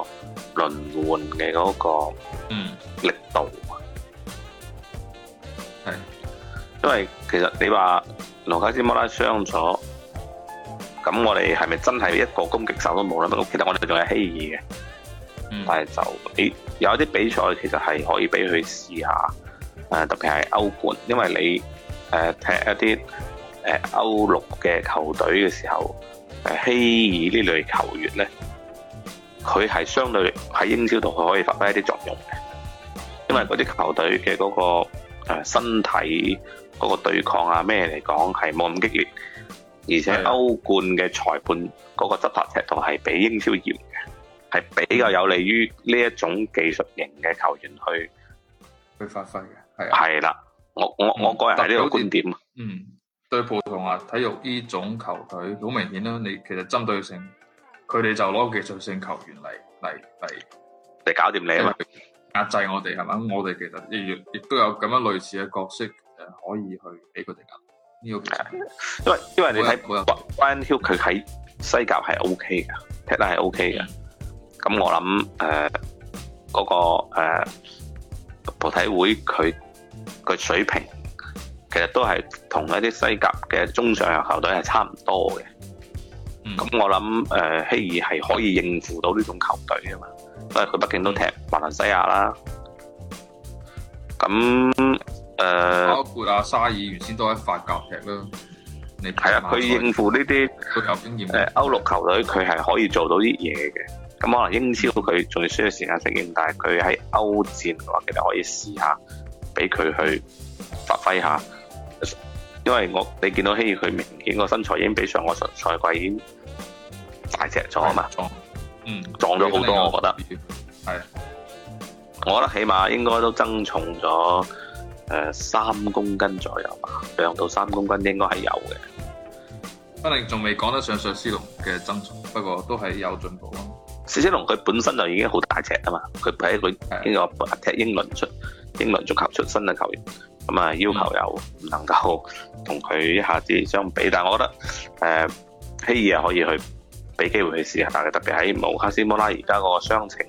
輪換嘅嗰個嗯力度，係、嗯，因為其實你話盧卡斯摩拉傷咗，咁我哋係咪真係一個攻擊手都冇咧？其實我哋仲有希爾嘅。但係就誒有一啲比賽其實係可以俾佢試下，誒、呃、特別係歐冠，因為你誒、呃、踢一啲誒、呃、歐陸嘅球隊嘅時候，誒、呃、希爾呢類球員咧，佢係相對喺英超度佢可以發揮一啲作用嘅，因為嗰啲球隊嘅嗰個身體嗰個對抗啊咩嚟講係冇咁激烈，而且歐冠嘅裁判嗰個執法尺度係比英超嚴。係比較有利於呢一種技術型嘅球員去、嗯、去發揮嘅，係係啦，我我我、嗯、個人係呢個觀點。嗯，對葡萄牙體育呢種球隊好明顯啦、啊，你其實針對性，佢哋就攞技術性球員嚟嚟嚟嚟搞掂你啊嘛，壓、就是、制我哋係嘛，我哋其實亦亦都有咁樣類似嘅角色誒、嗯，可以去俾佢哋搞呢個。其實因為因為你睇 Bryan Gil 佢喺西甲係 O K 嘅，踢得係 O K 嘅。咁我諗誒，嗰、呃那個誒，葡、呃、體會佢個水平，其實都係同一啲西甲嘅中上游球隊係差唔多嘅。咁、嗯、我諗誒、呃，希爾係可以應付到呢種球隊噶嘛？因為佢畢竟都踢華倫西亞啦。咁、嗯、誒，包括阿沙爾原先都喺法甲踢啦。你睇、嗯、下，佢、嗯嗯嗯嗯、應付呢啲佢有經驗誒歐陸球隊，佢係可以做到啲嘢嘅。咁可能英超佢仲要需要時間適應，嗯，但係佢喺歐戰嘅話，其實可以試下俾佢去發揮下，因為我你見到希爾佢明顯個身材已經比上個賽季已經大隻咗啊嘛，嗯，壯咗好多我、嗯，我覺得，係，我覺得起碼應該都增重咗誒三公斤左右吧，兩到三公斤應該係有嘅，可能仲未講得上上斯隆嘅增重，不過都係有進步咯。史斯隆佢本身就已經好大隻啊嘛，佢係一個踢英倫出的英倫足球出身嘅球員，咁啊要求又唔能夠同佢一下子相比，但係我覺得誒、呃、希爾啊可以去俾機會去試下，特別喺毛卡斯摩拉而家個傷情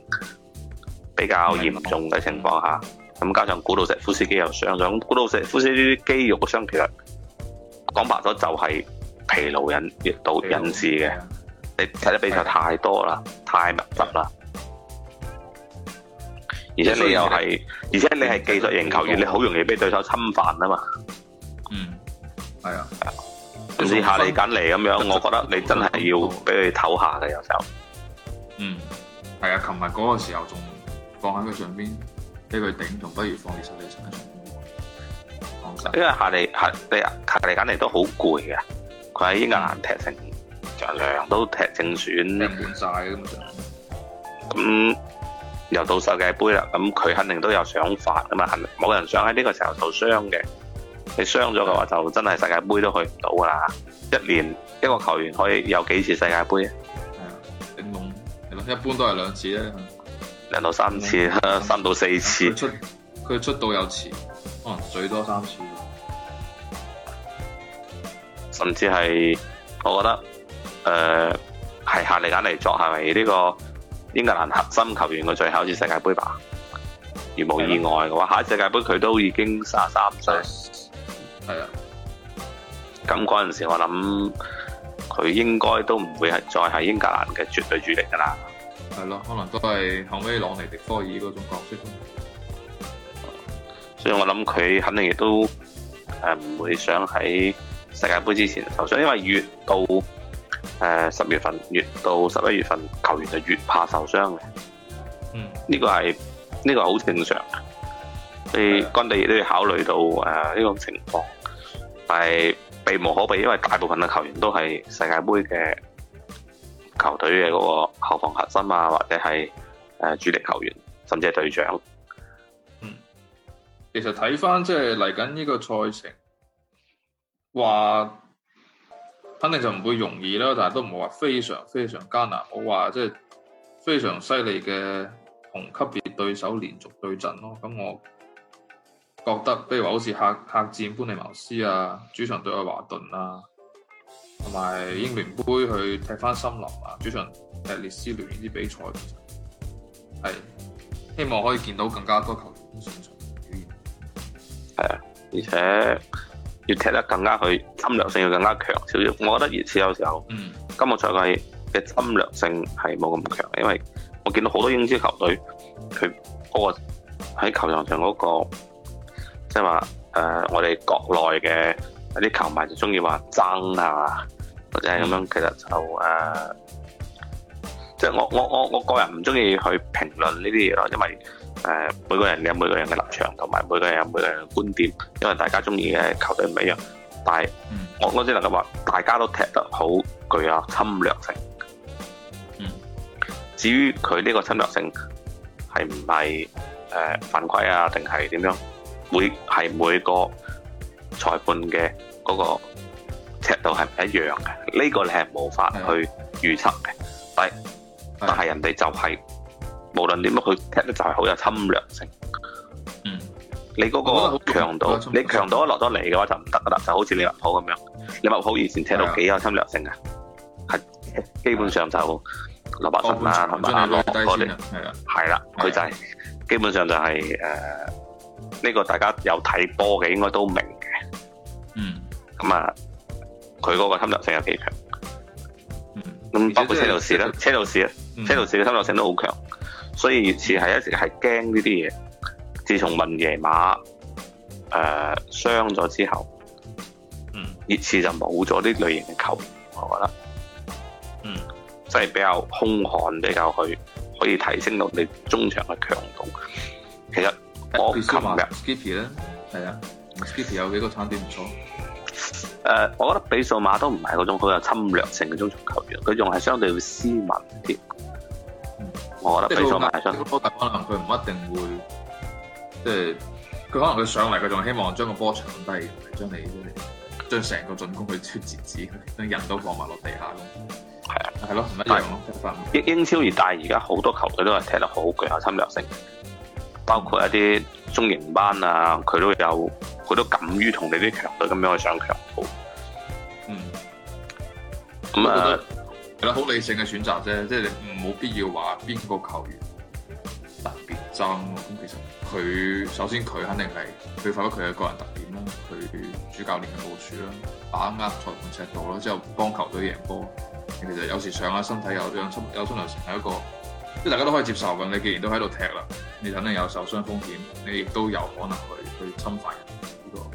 比較嚴重嘅情況下，咁、嗯、加上古魯石夫斯基又傷咗，古魯石夫斯基肌肉嘅傷其實講白咗就係疲勞引導引致嘅。你睇得比賽太多啦，太密集啦，而且你又係，而且你係技術型球員，嗯、你好容易俾對手侵犯啊嘛。嗯，係啊，啊、嗯。似夏利簡尼咁樣、嗯，我覺得你真係要俾佢唞下嘅，有時候。嗯，係啊，琴日嗰個時候仲放喺佢上邊俾佢頂，仲不如放列塞尼上一場。因為夏利夏利夏利簡尼都好攰嘅，佢喺英格蘭踢成。嗯盡量都踢正選，滿晒噶，咁又到世界杯啦，咁佢肯定都有想法咁嘛，冇人想喺呢個時候受傷嘅。你傷咗嘅話，就真係世界杯都去唔到噶啦。一年一個球員可以有幾次世界杯？啊、嗯，係一般都係兩次咧，兩到三次、嗯，三到四次。佢出，佢出到有遲，可能最多三次，甚至係我覺得。誒、呃，係夏利簡嚟，作係呢個英格蘭核心球員嘅最後一次世界杯吧。如無意外嘅話的，下一次世界杯佢都已經卅三歲，係啊。咁嗰陣時我諗佢應該都唔會係再係英格蘭嘅絕對主力噶啦。係咯，可能都係後尾朗尼迪科爾嗰種角色。所以我諗佢肯定亦都誒唔會想喺世界杯之前受傷，因為越到誒，十月份越到十一月份，球員就越怕受傷嘅。嗯，呢個係，呢個係好正常嘅。你軍隊亦都要考慮到誒呢、呃，呢個情況，但係避無可避，因為大部分嘅球員都係世界杯嘅球隊嘅嗰個後防核心啊，或者係誒、呃、主力球員，甚至係隊長。嗯，其實睇翻即係嚟緊呢個賽程，話。肯定就唔會容易啦，但係都唔係話非常非常艱難，冇話即係非常犀利嘅同級別對手連續對陣咯。咁我覺得，比如話好似客客戰般尼茅斯啊，主場對愛華頓啊，同埋英聯杯去踢翻森林啊，主場踢列斯聯呢啲比賽，係希望可以見到更加多球員上場。而且、啊。要踢得更加去侵略性，要更加強少少，我覺得熱刺有時候，嗯，今個賽季嘅侵略性係冇咁強，因為我見到好多英超球隊，佢嗰個喺球場上嗰個，即係話誒我哋國內嘅一啲球迷就中意話爭啊，或者係咁樣、嗯。其實就誒，即係我我我我個人唔中意去評論呢啲嘢咯，因為。誒，每個人有每個人嘅立場，同埋每個人有每個人嘅觀點，因為大家中意嘅球隊唔一樣。但係我我只能夠話，大家都踢得好具有侵略性。嗯。至於佢呢個侵略性係唔係誒犯規啊，定係點樣？每係每個裁判嘅嗰個尺度係唔一樣嘅。呢個你係無法去預測嘅。但但係人哋就係。無論點樣，佢踢咧就係好有侵略性。嗯，你嗰個強度，你強度一落咗嚟嘅話就唔得噶啦，就好似利物浦咁樣。嗯、利物浦以前踢到幾有侵略性啊，係、嗯、基本上就羅伯遜啦，係咪啊？羅科尼係啊，啦，佢就係、是、基本上就係、是、誒、呢、uh, 個大家有睇波嘅應該都明嘅。嗯，咁啊，佢嗰個侵略性有幾強？咁、嗯就是、包括車路士啦、就是，車路士啦、嗯，車路士嘅侵略性都好強。所以熱刺係一直係驚呢啲嘢。自從問耶馬誒、呃、傷咗之後，嗯，熱刺就冇咗呢類型嘅球員，我覺得，嗯，即、就、係、是、比較兇悍，比較去可，可以提升到你中場嘅強度。其實我斯馬斯 y 咧，係啊，i 斯 y 有幾個產品唔錯。誒、呃，我覺得比數馬都唔係嗰種好有侵略性嘅中場球員，佢仲係相對會斯文啲。我覺得即係大壓，可能佢唔一定會，即係佢可能佢上嚟佢仲希望將個波搶低，將你將成個進攻去脫節住，將人都放埋落地下咁。係啊，係、嗯、咯、唔、啊、一樣咯、啊，英超而但而家好多球隊都係踢得好，具有侵略性，包括一啲中型班啊，佢都有佢都敢於同你啲強隊咁樣去上強波。嗯，咁、嗯、啊。嗯係啦，好理性嘅選擇啫，即係你冇必要話邊個球員特別爭。咁其實佢首先佢肯定係發揮咗佢嘅個人特點啦，佢主教練嘅部署啦，把握裁判尺度啦，之後幫球隊贏波。其實有時上下身體有有衝有衝頭時係一個，即係大家都可以接受嘅。咁你既然都喺度踢啦，你肯定有受傷風險，你亦都有可能去去侵犯人。呢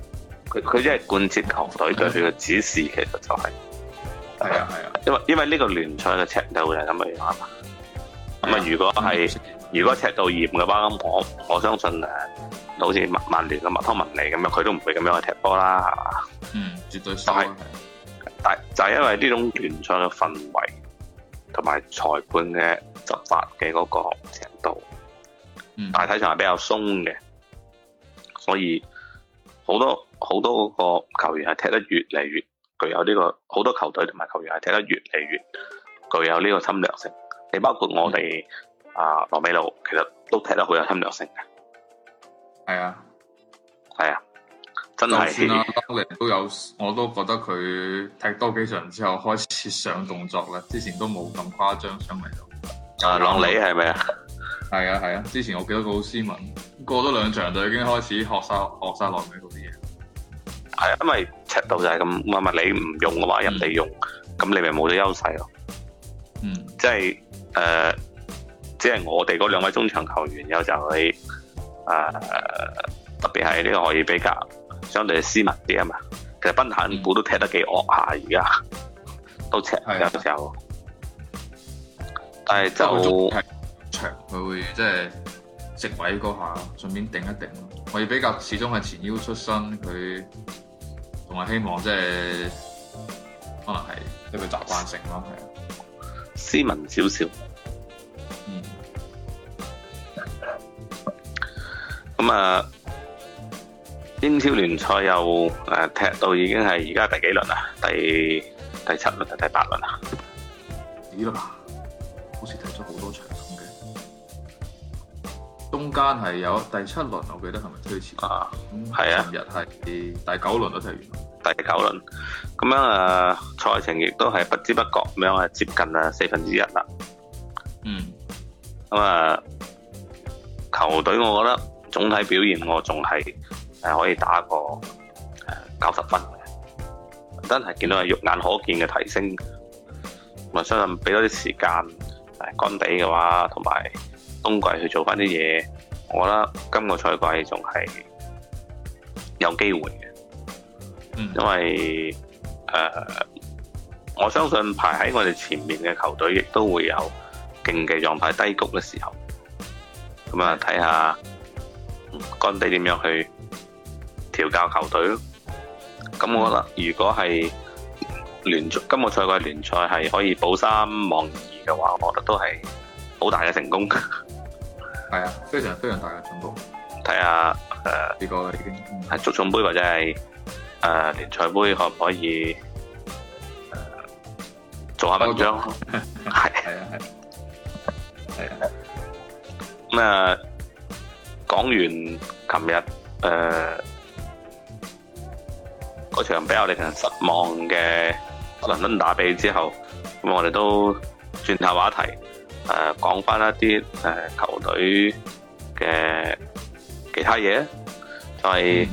個佢佢即係貫徹球隊對佢嘅指示，其實就係、是。係啊係啊，因為因為呢個聯賽嘅尺度就係咁嘅樣啊嘛。咁啊，如果係、嗯、如果係尺度嚴嘅話，我我相信誒、啊，好似曼曼聯嘅麥湯文尼咁樣，佢都唔會咁樣去踢波啦，係嘛？嗯，絕對係。但係、啊啊、就係因為呢種聯賽嘅氛圍，同埋裁判嘅執法嘅嗰個尺度、嗯，大體上係比較鬆嘅，所以好多好多嗰個球員係踢得越嚟越。具有呢、這個好多球隊同埋球員係踢得越嚟越具有呢個侵略性，你包括我哋、嗯、啊羅美露，其實都踢得好有侵略性嘅。係啊，係啊，真係。就算啊，都有，我都覺得佢踢多幾場之後開始上動作啦，之前都冇咁誇張上嚟。度。啊，朗里係咪啊？係啊係啊，之前我記得佢好斯文，過咗兩場就已經開始學晒學晒羅美係，因為尺度就係咁。話物你唔用嘅話，人哋用，咁、嗯、你咪冇咗優勢咯。嗯，即係誒、呃，即係我哋嗰兩位中場球員，有就係誒，特別係呢個可以比較相對係斯文啲啊嘛。其實賓坦古都踢得幾惡下，而家都踢有時候，是但係就長佢會即係直位嗰下，順便頂一頂。可以比較始終係前腰出身佢。他我希望即係，可能係因為習慣性咯，係斯文少少，咁、嗯、啊，英超聯賽又誒、啊、踢到已經係而家第幾輪啊？第第七輪定第八輪啊？咦、哎、啦，好似踢咗好多場咁嘅，中間係有第七輪，我記得係咪推遲了啊？係、嗯、啊，今日係第九輪都踢完了。嗯第九輪咁樣啊，賽程亦都係不知不覺咁樣係接近啊四分之一啦。嗯。咁啊，球隊我覺得總體表現我仲係誒可以打個誒九十分嘅，真係見到係肉眼可見嘅提升。我相信俾多啲時間誒乾地嘅話，同埋冬季去做翻啲嘢，我覺得今個賽季仲係有機會。因為誒，我相信排喺我哋前面嘅球隊亦都會有競技狀態低谷嘅時候，咁啊睇下乾地點樣去調教球隊咯。咁我覺得，如果係聯賽今個賽季聯賽係可以保三望二嘅話，我覺得都係好大嘅成功。係啊，非常非常大嘅進步。睇下誒，呢個已經係足總盃或者係。誒，聯賽杯可唔可以做下文章？係係啊係，係啊。咁啊，講完琴日誒嗰場比較令人失望嘅倫敦打比之後，咁我哋都轉下話題，誒講翻一啲誒球隊嘅其他嘢，就係。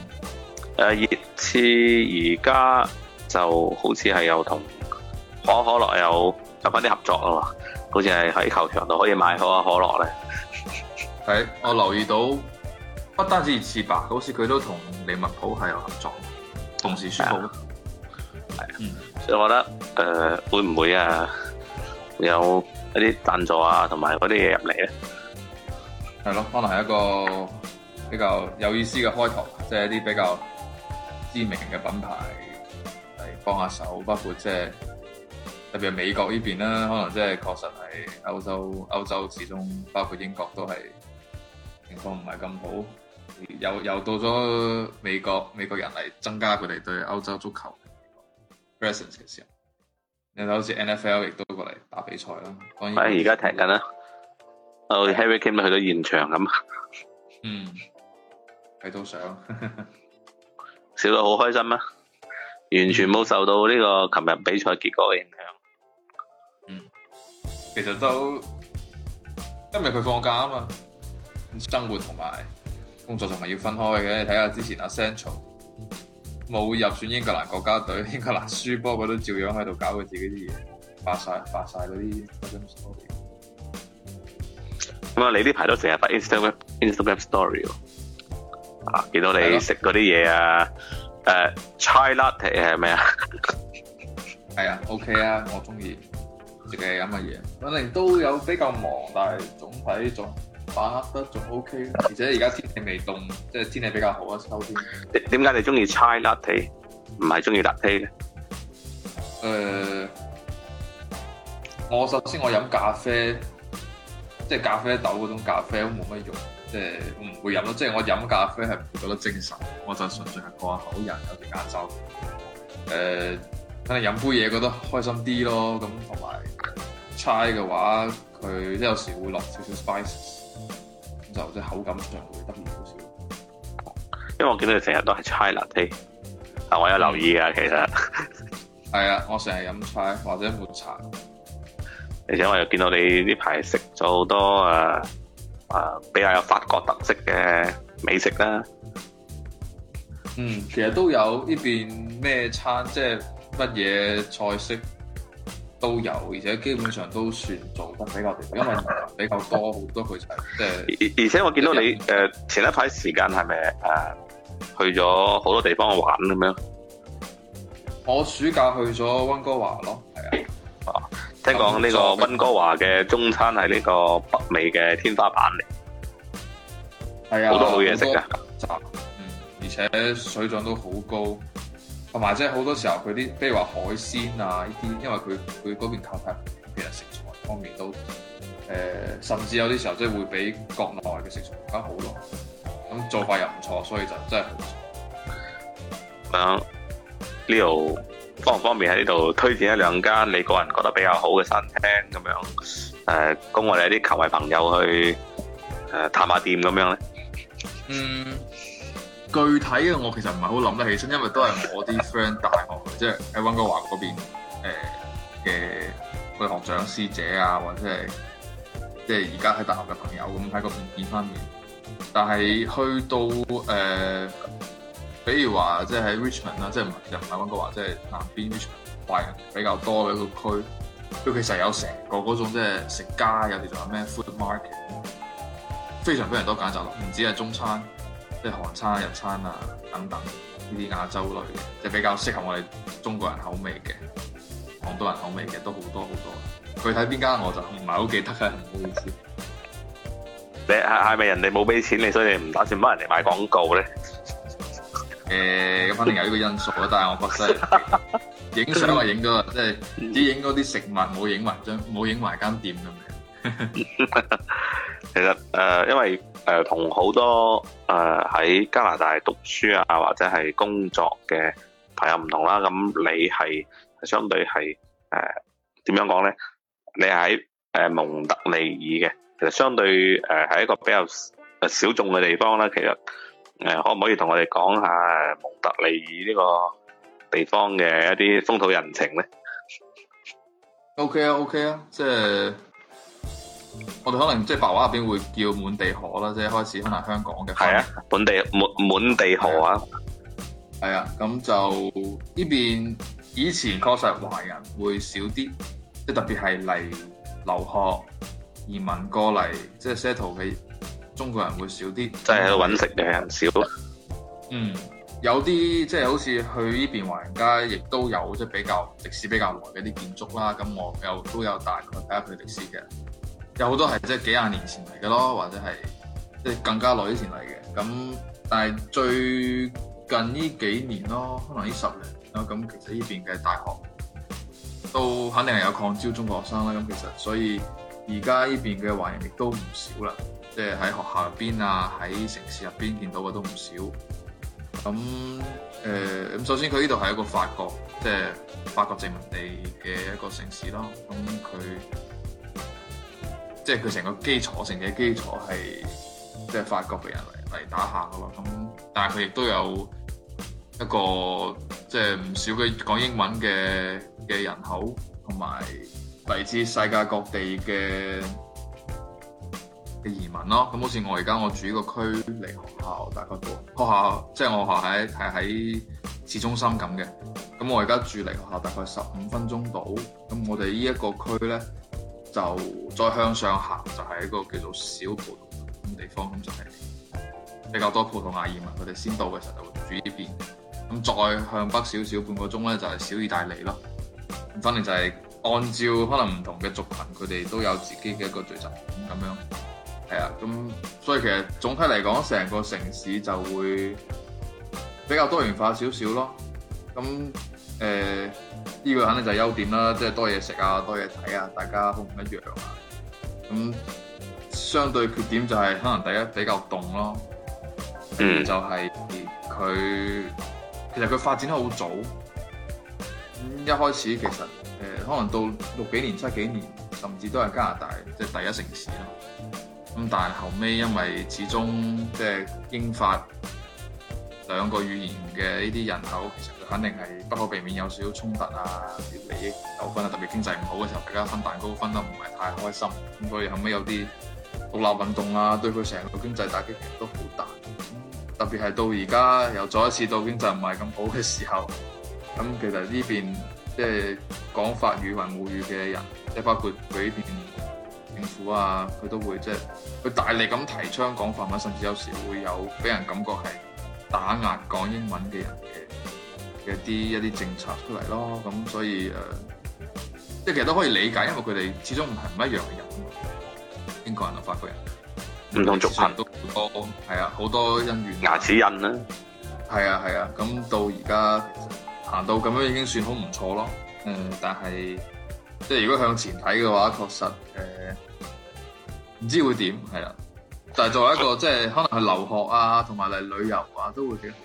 誒熱刺而家就好似係有同可可樂有有翻啲合作啊嘛，好似係喺球場度可以買可可樂咧。係、哎，我留意到不單止熱刺吧，好似佢都同利物浦係有合作，同時宣佈。係啊、嗯，所以我覺得誒、呃、會唔會啊有一啲贊助啊，同埋嗰啲嘢入嚟咧？係咯，可能係一個比較有意思嘅開頭，即、就、係、是、一啲比較，知名嘅品牌嚟幫下手，包括即係特別係美國呢邊啦，可能即係確實係歐洲，歐洲始終包括英國都係情況唔係咁好，又又到咗美國美國人嚟增加佢哋對歐洲足球 presence 嘅時候，你好似 NFL 亦都過嚟打比賽啦。但係而家停緊啦。哦，Harry Kane 去到現場咁，嗯，睇到相。 笑到好開心啊！完全冇受到呢個琴日比賽結果嘅影響。嗯，其實都今日佢放假啊嘛，生活同埋工作仲係要分開嘅。你睇下之前阿 s a n t r a 冇入選英格蘭國家隊，英格蘭輸波佢都照樣喺度搞佢自己啲嘢，發晒發晒嗰啲 Instagram story。咁啊，你呢排都成日發 Instagram Instagram story 啊！見到你食嗰啲嘢啊，誒、uh,，Chai Latte 係咩啊？係 啊，OK 啊，我中意食嘅飲嘅嘢。可能都有比較忙，但係總體仲把握得仲 OK、啊。而且而家天氣未凍，即、就、係、是、天氣比較好啊，秋天。點解你中意 Chai Latte，唔係中意 Latte 咧？誒、呃，我首先我飲咖啡，即、就、係、是、咖啡豆嗰種咖啡都冇乜用。即係我唔會飲咯，即係我飲咖啡係唔會覺得精神，我就純粹係過下口癮，人有時間休。誒、呃，等你飲杯嘢覺得開心啲咯，咁同埋茶嘅話，佢即係有時會落少少 spices，就即係口感上會特別好少。因為我見到你成日都係茶 latte，嗱，我有留意啊、嗯，其實。係啊，我成日飲茶或者抹茶，而且我又見到你呢排食咗好多啊～比較有法國特色嘅美食啦。嗯，其實都有呢邊咩餐，即係乜嘢菜式都有，而且基本上都算做得比較掂，因為比較多好多佢 就係即係。而且我見到你誒、嗯、前一排時間係咪誒去咗好多地方去玩咁樣？我暑假去咗溫哥華咯，係啊。聽講呢個温哥華嘅中餐係呢個北美嘅天花板嚟，係啊，好多好嘢食噶，而且水準都好高，同埋即係好多時候佢啲，比如話海鮮啊呢啲，因為佢佢嗰邊靠，其實食材方面都，誒、呃，甚至有啲時候即係會比國內嘅食材更加好咯，咁做法又唔錯，所以就真係好。咁呢度。方唔方便喺呢度推薦一兩間你個人覺得比較好嘅餐廳咁樣？誒、呃，供我哋啲球迷朋友去誒、呃、探下店咁樣咧？嗯，具體嘅我其實唔係好諗得起身，因為都係我啲 friend 大學，即係喺温哥華嗰邊嘅佢、呃那個、學長師姐啊，或者係即係而家喺大學嘅朋友咁喺嗰邊見翻面。但係去到誒。呃比如話，即係喺 Richmond 啦，即係又唔係温哥華，即係南邊 Richmond，華人比較多嘅一個區，佢其實有成個嗰種即係食家，有時仲有咩 food market，非常非常多選擇咯，唔止係中餐，即係韓餐啊、日餐啊等等呢啲亞洲類嘅，即係比較適合我哋中國人口味嘅，廣東人口味嘅都好多好多。具體邊間我就唔係好記得嘅，唔好意思。你係係咪人哋冇俾錢你，所以你唔打算幫人哋買廣告咧？誒，咁肯定有呢個因素咯，但係我覺得影相我影咗啦，即係唔知影咗啲食物，冇影埋張，冇影埋間店咁樣。其實誒，因為誒同好多誒喺加拿大讀書啊或者係工作嘅朋友唔同啦，咁你係相對係誒點樣講咧？你喺誒蒙特利爾嘅，其實相對誒係一個比較誒小眾嘅地方啦，其實。誒，可唔可以同我哋講下蒙特利爾呢個地方嘅一啲風土人情咧？OK 啊，OK 啊，即係我哋可能即係白話入邊會叫滿地河啦，即係開始可能香港嘅係啊，本地滿滿地河啊，係啊，咁，啊，就呢邊以前確實華人會少啲，即係特別係嚟留學移民過嚟，即係 settle 佢。中國人會少啲，即係喺度揾食嘅人少。嗯，有啲即係好似去依邊華人街，亦都有即係、就是、比較歷史比較耐嘅啲建築啦。咁我又都有大概睇下佢歷史嘅，有好多係即係幾廿年前嚟嘅咯，或者係即係更加耐之前嚟嘅。咁但係最近呢幾年咯，可能呢十年啊，咁其實呢邊嘅大學都肯定係有擴招中國學生啦。咁其實所以而家依邊嘅華人亦都唔少啦。即係喺學校入邊啊，喺城市入邊見到嘅都唔少。咁誒咁，首先佢呢度係一個法國，即係法國殖民地嘅一個城市咯。咁佢即係佢成個基礎性嘅基礎係即係法國嘅人嚟嚟打下嘅咯。咁但係佢亦都有一個即係唔少嘅講英文嘅嘅人口，同埋嚟自世界各地嘅。嘅移民咯，咁好似我而家我住呢個區，離學校大概到學校即係、就是、我學校喺係喺市中心咁嘅。咁我而家住離學校大概十五分鐘到。咁我哋呢一個區咧，就再向上行就係、是、一個叫做小葡萄牙咁地方，咁就係比較多葡萄牙移民。佢哋先到嘅時候就會住呢邊。咁再向北少少半個鐘咧，就係、是、小意大利咯。咁反正就係按照可能唔同嘅族群，佢哋都有自己嘅一個聚集咁樣。係啊，咁所以其實總體嚟講，成個城市就會比較多元化少少咯。咁誒呢個肯定就係優點啦，即係多嘢食啊，多嘢睇啊，大家好唔一樣啊。咁相對缺點就係可能第一比較凍咯，第二，嗯，就係佢其實佢發展得好早，咁一開始其實誒可能到六幾年、七幾年，甚至都係加拿大即係第一城市咯。咁但係後尾，因為始終即係英法兩個語言嘅呢啲人口，其實佢肯定係不可避免有少少衝突啊，利益有關啊，特別經濟唔好嘅時候，大家分蛋糕分得唔係太開心。咁所以後尾有啲獨立運動啊，對佢成個經濟打擊其實都好大。特別係到而家又再一次到經濟唔係咁好嘅時候，咁其實呢邊即係講法語為母語嘅人，即係包括嗰邊。政府啊，佢都會即係佢大力咁提倡講法文，甚至有時會有俾人感覺係打壓講英文嘅人嘅嘅一啲一啲政策出嚟咯。咁所以誒、呃，即係其實都可以理解，因為佢哋始終唔係唔一樣嘅人。英國人同法國人唔同族群都好多，係啊，好多恩怨。牙齒印啦，係啊係啊。咁、啊、到而家行到咁樣已經算好唔錯咯。嗯，但係。即係如果向前睇嘅話，確實誒、唔、呃、知會點係啦。但係作為一個即係可能去留學啊，同埋嚟旅遊啊，都會幾好。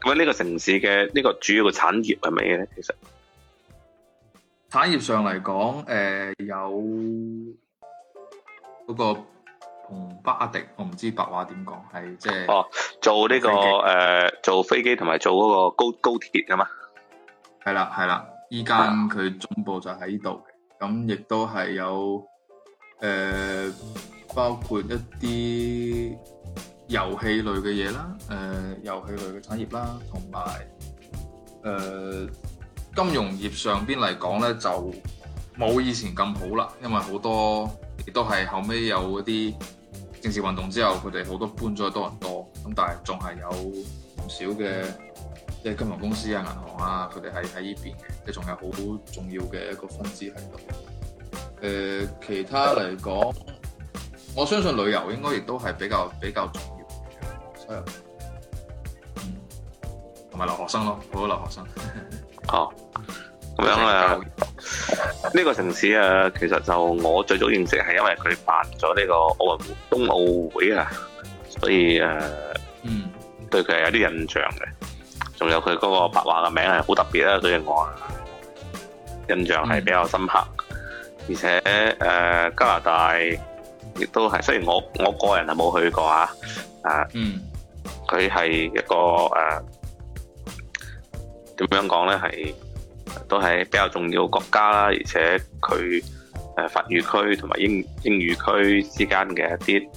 咁喺呢個城市嘅呢、這個主要嘅產業係乜嘢咧？其實產業上嚟講，誒、呃、有嗰個龐巴迪，我唔知白話點講，係即係哦，做呢、這個誒、呃、做飛機同埋做嗰個高高鐵噶嘛？係啦，係啦。依間佢總部就喺依度，咁亦都係有誒、呃，包括一啲遊戲類嘅嘢啦，誒、呃、遊戲類嘅產業啦，同埋誒金融業上邊嚟講咧，就冇以前咁好啦，因為好多亦都係後尾有嗰啲政治運動之後，佢哋好多搬咗去多倫多，咁但係仲係有唔少嘅。你金融公司啊、銀行啊，佢哋喺喺呢邊嘅，你仲有好重要嘅一個分支喺度。誒、呃，其他嚟講，我相信旅遊應該亦都係比較比較重要的。係，嗯，同埋留學生咯，好多留學生。哦，咁 樣啊，呢、嗯呢個城市啊，其實就我最早認識係因為佢辦咗呢個奧運會冬奧會啊，所以誒、啊，嗯，對佢係有啲印象嘅。仲有佢嗰個白話嘅名係好特別啊！對於我印象係比較深刻，而且誒加拿大亦都係，雖然我我個人係冇去過嚇，啊，佢係一個誒點樣講咧？係都係比較重要嘅國家啦，而且佢誒法語區同埋英英語區之間嘅一啲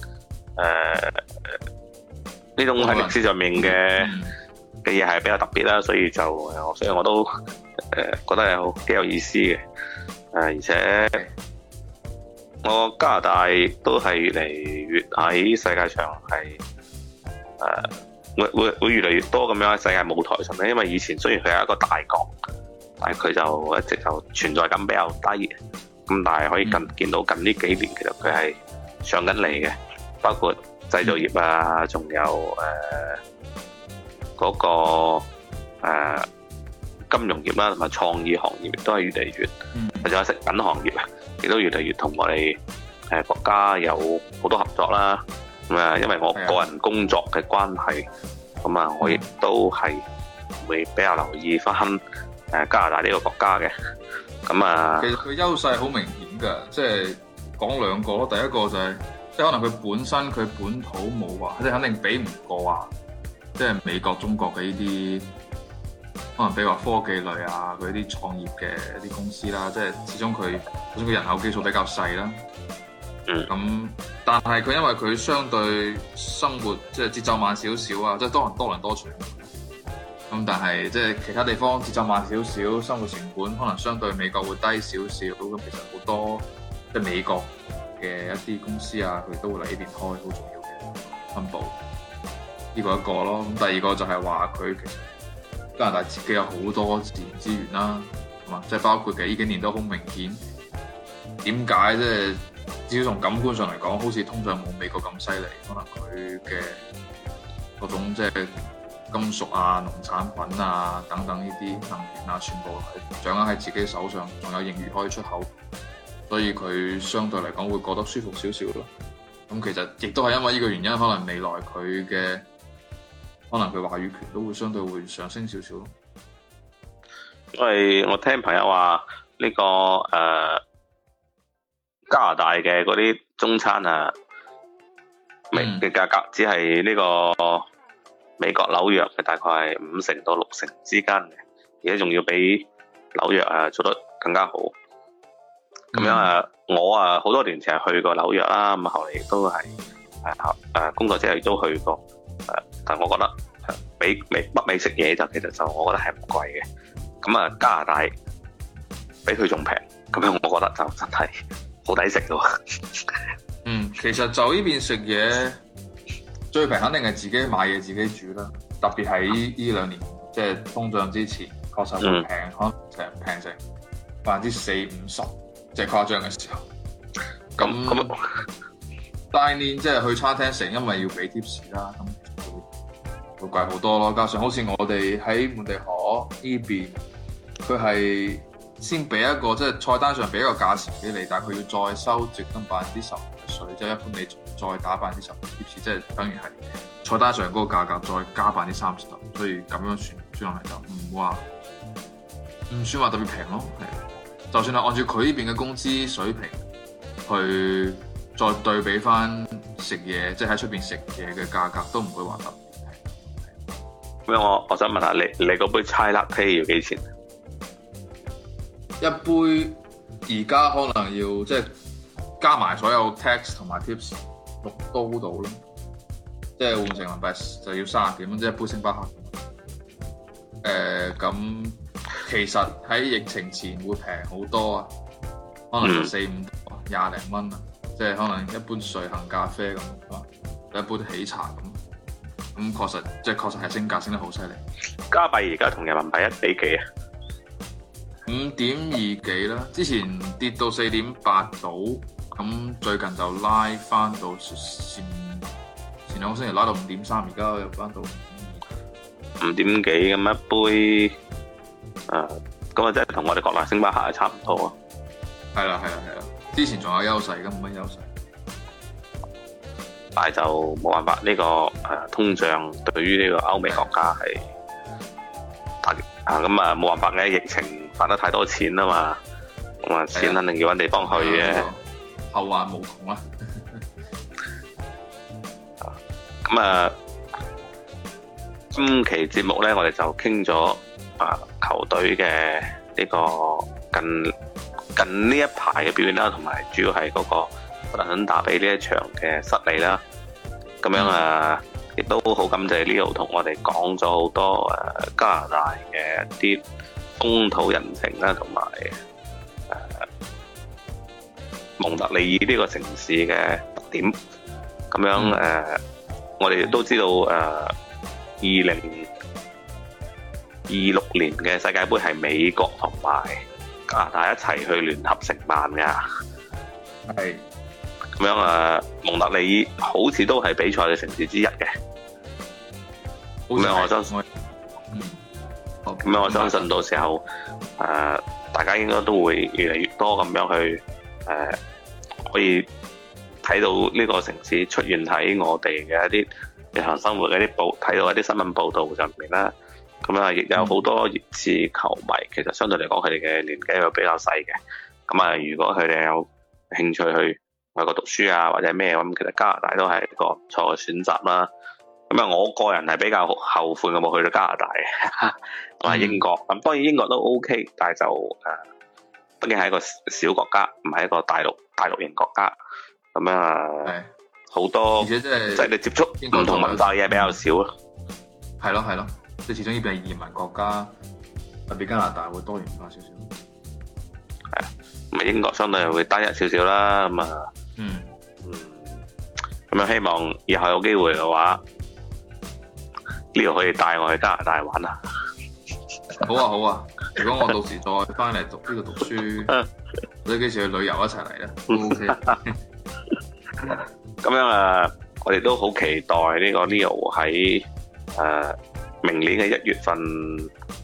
誒呢種歷史上面嘅。嘅嘢係比較特別啦，所以就，所以我都誒、呃、覺得係好幾有意思嘅。誒、呃，而且我加拿大都係越嚟越喺世界上係誒、呃，會會會越嚟越多咁樣喺世界舞台上面。因為以前雖然佢係一個大國，但係佢就一直就存在感比較低嘅。咁但係可以近見到近呢幾年其實佢係上緊嚟嘅，包括製造業啊，仲有誒、呃嗰個誒金融業啦，同埋創意行業都係越嚟越，或者食品行業啊，亦都越嚟越同我哋誒國家有好多合作啦。咁啊，因為我個人工作嘅關係，咁啊，我亦都係會比較留意返誒加拿大呢個國家嘅。咁啊，其實佢優勢好明顯㗎，即係講兩個咯。第一個就係，即係可能佢本身佢本土冇話，即係肯定比唔過啊。即係美國、中國嘅呢啲，可能比如話科技類啊，佢啲創業嘅一啲公司啦、啊，即係始終佢，始終佢人口基礎比較細啦。咁，但係佢因為佢相對生活即係節奏慢少少啊，即係多人多倫多。咁但係即係其他地方節奏慢少少，生活成本可能相對美國會低少少。咁其實好多即係美國嘅一啲公司啊，佢都會嚟呢邊開好重要嘅分部。呢個一個咯，咁第二個就係話佢其實加拿大自己有好多自然資源啦，係嘛，即係包括嘅呢幾年都好明顯，點解即係至少從感官上嚟講，好似通脹冇美國咁犀利，可能佢嘅各種即係金屬啊、農產品啊等等呢啲能源啊，全部係掌握喺自己手上，仲有盈餘可以出口，所以佢相對嚟講會過得舒服少少咯。咁其實亦都係因為呢個原因，可能未來佢嘅可能佢話語權都會相對會上升少少咯，因為我聽朋友話呢、呢個誒、呃、加拿大嘅嗰啲中餐啊，嘅、嗯、價格只係呢個美國紐約嘅大概係五成到六成之間嘅，而且仲要比紐約啊做得更加好。咁樣啊，我啊好多年前係去過紐約啦、啊，咁後嚟都係誒誒工作之後亦都去過。誒，但我覺得美，美美北美食嘢就其實就我覺得係唔貴嘅，咁啊加拿大比佢仲平，咁、嗯、樣我覺得就真係好抵食咯。嗯，其實就呢邊食嘢 最平，肯定係自己買嘢自己煮啦。特別喺呢呢兩年，即係通脹之前，確實會平，可能成平成百分之四五十，4050, 即係誇張嘅時候。咁 dining 即係去餐廳食，因為要俾 tips 啦。貴好多咯，加上好似我哋喺滿地可呢邊，佢係先俾一個即係菜單上俾一個價錢俾你，但係佢要再收值，直登百分之十嘅水，即係一般你再打百分之十嘅 tips 即係等於係菜單上嗰個價格再加百分之三十，所以咁樣算算落嚟就唔話唔算話特別平咯。係，就算係按照佢呢邊嘅工資水平去再對比翻食嘢，即係喺出邊食嘢嘅價格，都唔會話特。咩？我我想問下你，你嗰杯差辣啡要幾錢？一杯而家可能要即係、就是、加埋所有 tax 同埋 tips 六刀到啦，即係換成人民幣就要卅幾蚊，即、就、係、是、一杯星巴克。誒、呃，咁其實喺疫情前會平好多啊，可能 14,、嗯、就四五、廿零蚊啊，即係可能一杯瑞幸咖啡咁啊，一杯喜茶咁。咁確實，即係確實係升價升得好犀利。加幣而家同人民幣一比幾啊？五點二幾啦，之前跌到四點八度，咁最近就拉翻到前，前兩個星期拉到五點三，而家又翻到五點幾咁一杯。誒，咁啊，就係同我哋國內星巴克差唔多啊。係啦，係啦，係啦。之前仲有優勢，而家冇乜優勢。但就冇辦法呢、呢個誒、啊、通脹對於呢個歐美國家係啊咁啊冇辦法嘅疫情發得太多錢啦嘛，咁啊錢肯定要揾地方去嘅、啊，後患無窮啊！咁 啊，啊，今期節目咧我哋就傾咗啊球隊嘅呢個近近呢一排嘅表現啦，同埋主要係嗰、嗰個。肯打俾呢一場嘅失利啦，咁樣啊，亦都好感謝 Leo 同我哋講咗好多誒加拿大嘅啲風土人情啦，同埋誒蒙特利爾呢個城市嘅特點。咁樣誒，我哋亦都知道誒二零二六年嘅世界盃係美國同埋加拿大一齊去聯合承辦㗎。係。咁樣啊，蒙特利爾好似都係比賽嘅城市之一嘅。咁樣我相信，咁、嗯嗯、樣我相信到時候，誒、嗯啊，大家應該都會越嚟越多咁樣去誒、啊，可以睇到呢個城市出現喺我哋嘅一啲日常生活嘅一啲報，睇到一啲新聞報道上面啦。咁啊，亦有好多熱刺球迷，其實相對嚟講，佢哋嘅年紀會比較細嘅。咁啊，如果佢哋有興趣去，外國讀書啊，或者咩咁，其實加拿大都係一個唔錯嘅選擇啦。咁啊，我個人係比較後悔的，我冇去到加拿大，我係英國。咁、嗯、當然英國都 OK，但係就誒，畢竟係一個小，小國家，唔係一個大陸大陸型國家。咁啊，係好多，而且即係即係你接觸唔同文化嘢比較少咯。係咯係咯，即係始終呢邊係移民國家，特別加拿大會多元化少少。係，英國相對會單一少少啦。咁啊。嗯，咁、嗯、啊，希望以後有機會嘅話，Leo 可以帶我去加拿大玩啊！好啊，好啊！ 如果我到時再翻嚟讀呢度、這個、讀書，我哋 幾時去旅遊一齊嚟咧？OK。咁 樣啊，我哋都好期待呢個 Leo 喺誒、呃、明年嘅一月份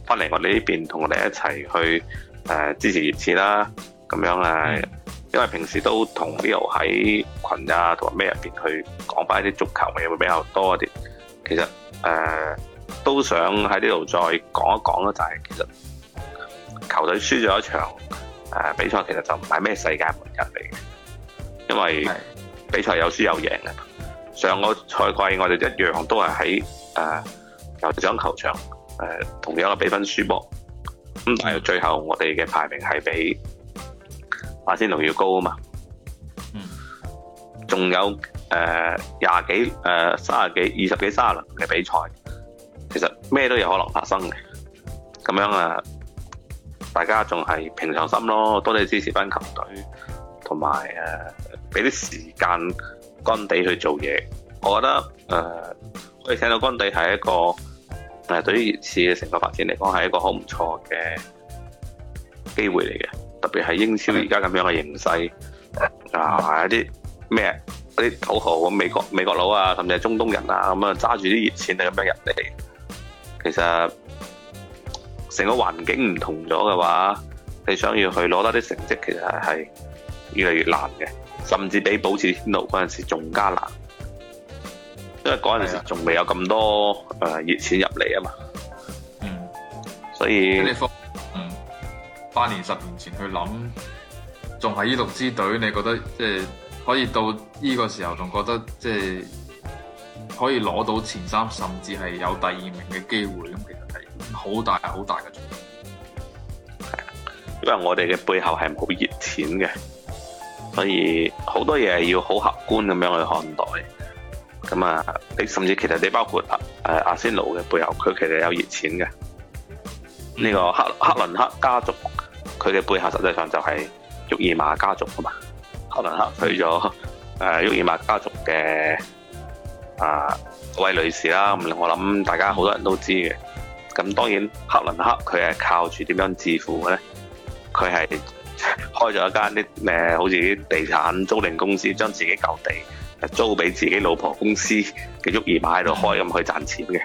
翻嚟我哋呢邊，同我哋一齊去誒支持熱刺啦！咁樣啊。嗯因為平時都同 Leo 喺群啊同埋咩入邊去講翻啲足球嘅嘢會比較多一啲，其實誒、呃、都想喺呢度再講一講咯、就是，就係其實球隊輸咗一場誒、啊、比賽，其實就唔係咩世界門人嚟嘅，因為比賽有輸有贏嘅。上個賽季我哋一樣都係喺誒酋長球場誒、啊、同樣嘅比分輸波，咁但係最後我哋嘅排名係比。馬仙龍要高啊嘛，嗯，仲有誒廿幾誒卅幾二十幾卅輪嘅比賽，其實咩都有可能發生嘅，咁樣啊，大家仲係平常心咯，多啲支持翻球隊，同埋誒俾啲時間干地去做嘢，我覺得誒、呃、可以請到干地係一個誒對於熱刺嘅成個發展嚟講係一個好唔錯嘅機會嚟嘅。特別係英超而家咁樣嘅形勢，啊一啲咩嗰啲土豪咁，美國美國佬啊，甚至係中東人啊，咁啊揸住啲熱錢啊咁樣入嚟，其實成個環境唔同咗嘅話，你想要去攞得啲成績，其實係越嚟越難嘅，甚至比保持天奴嗰陣時仲加難，因為嗰陣時仲未有咁多誒熱錢入嚟啊嘛，嗯，所以。八年十年前去諗，仲係呢六支隊，你覺得即係可以到呢個時候，仲覺得即係可以攞到前三，甚至係有第二名嘅機會咁。其實係好大好大嘅作用。因為我哋嘅背後係冇熱錢嘅，所以好多嘢係要好客觀咁樣去看待。咁啊，你甚至其實你包括阿阿仙奴嘅背後，佢其實有熱錢嘅。呢、這個克克倫克家族。佢嘅背後實際上就係沃爾瑪家族啊嘛，克倫克去咗誒沃爾瑪家族嘅啊位女士啦，咁我諗大家好多人都知嘅。咁當然克倫克佢係靠住點樣致富嘅咧？佢係開咗一間啲誒好似啲地產租賃公司，將自己舊地租俾自己老婆公司嘅沃爾瑪喺度開咁去賺錢嘅。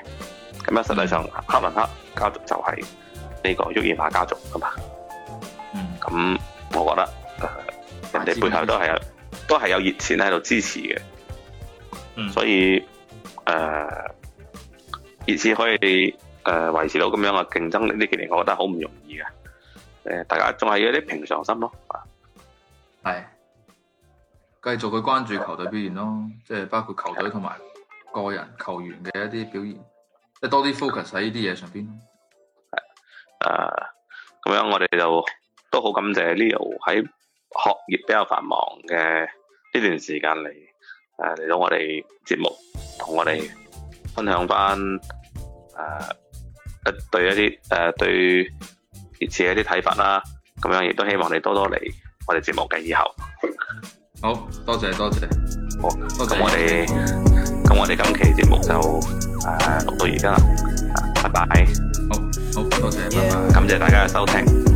咁啊，實際上克倫克家族就係呢個沃爾瑪家族啊嘛。嗯咁、嗯，我覺得、呃、人哋背後都係、嗯、都係有熱錢喺度支持嘅、嗯，所以誒，熱、呃、錢可以誒維持到咁樣嘅競爭力呢幾年，我覺得好唔容易嘅。誒，大家仲係要啲平常心咯，係，繼續去關注球隊表現咯，即、就、係、是、包括球隊同埋個人球員嘅一啲表現，即係多啲 focus 喺呢啲嘢上邊。係，誒、呃，咁樣我哋就。都好感謝 Leo 喺學業比較繁忙嘅呢段時間嚟，誒、啊、嚟到我哋節目同我哋分享翻誒一對一啲誒、啊、對熱刺嘅一啲睇法啦，咁樣亦都希望你多多嚟我哋節目嘅以後，好多謝多謝，謝，謝，好咁我哋咁我哋今期節目就誒錄、啊、到而家，拜拜，好好多謝，謝拜拜，感謝大家嘅收聽。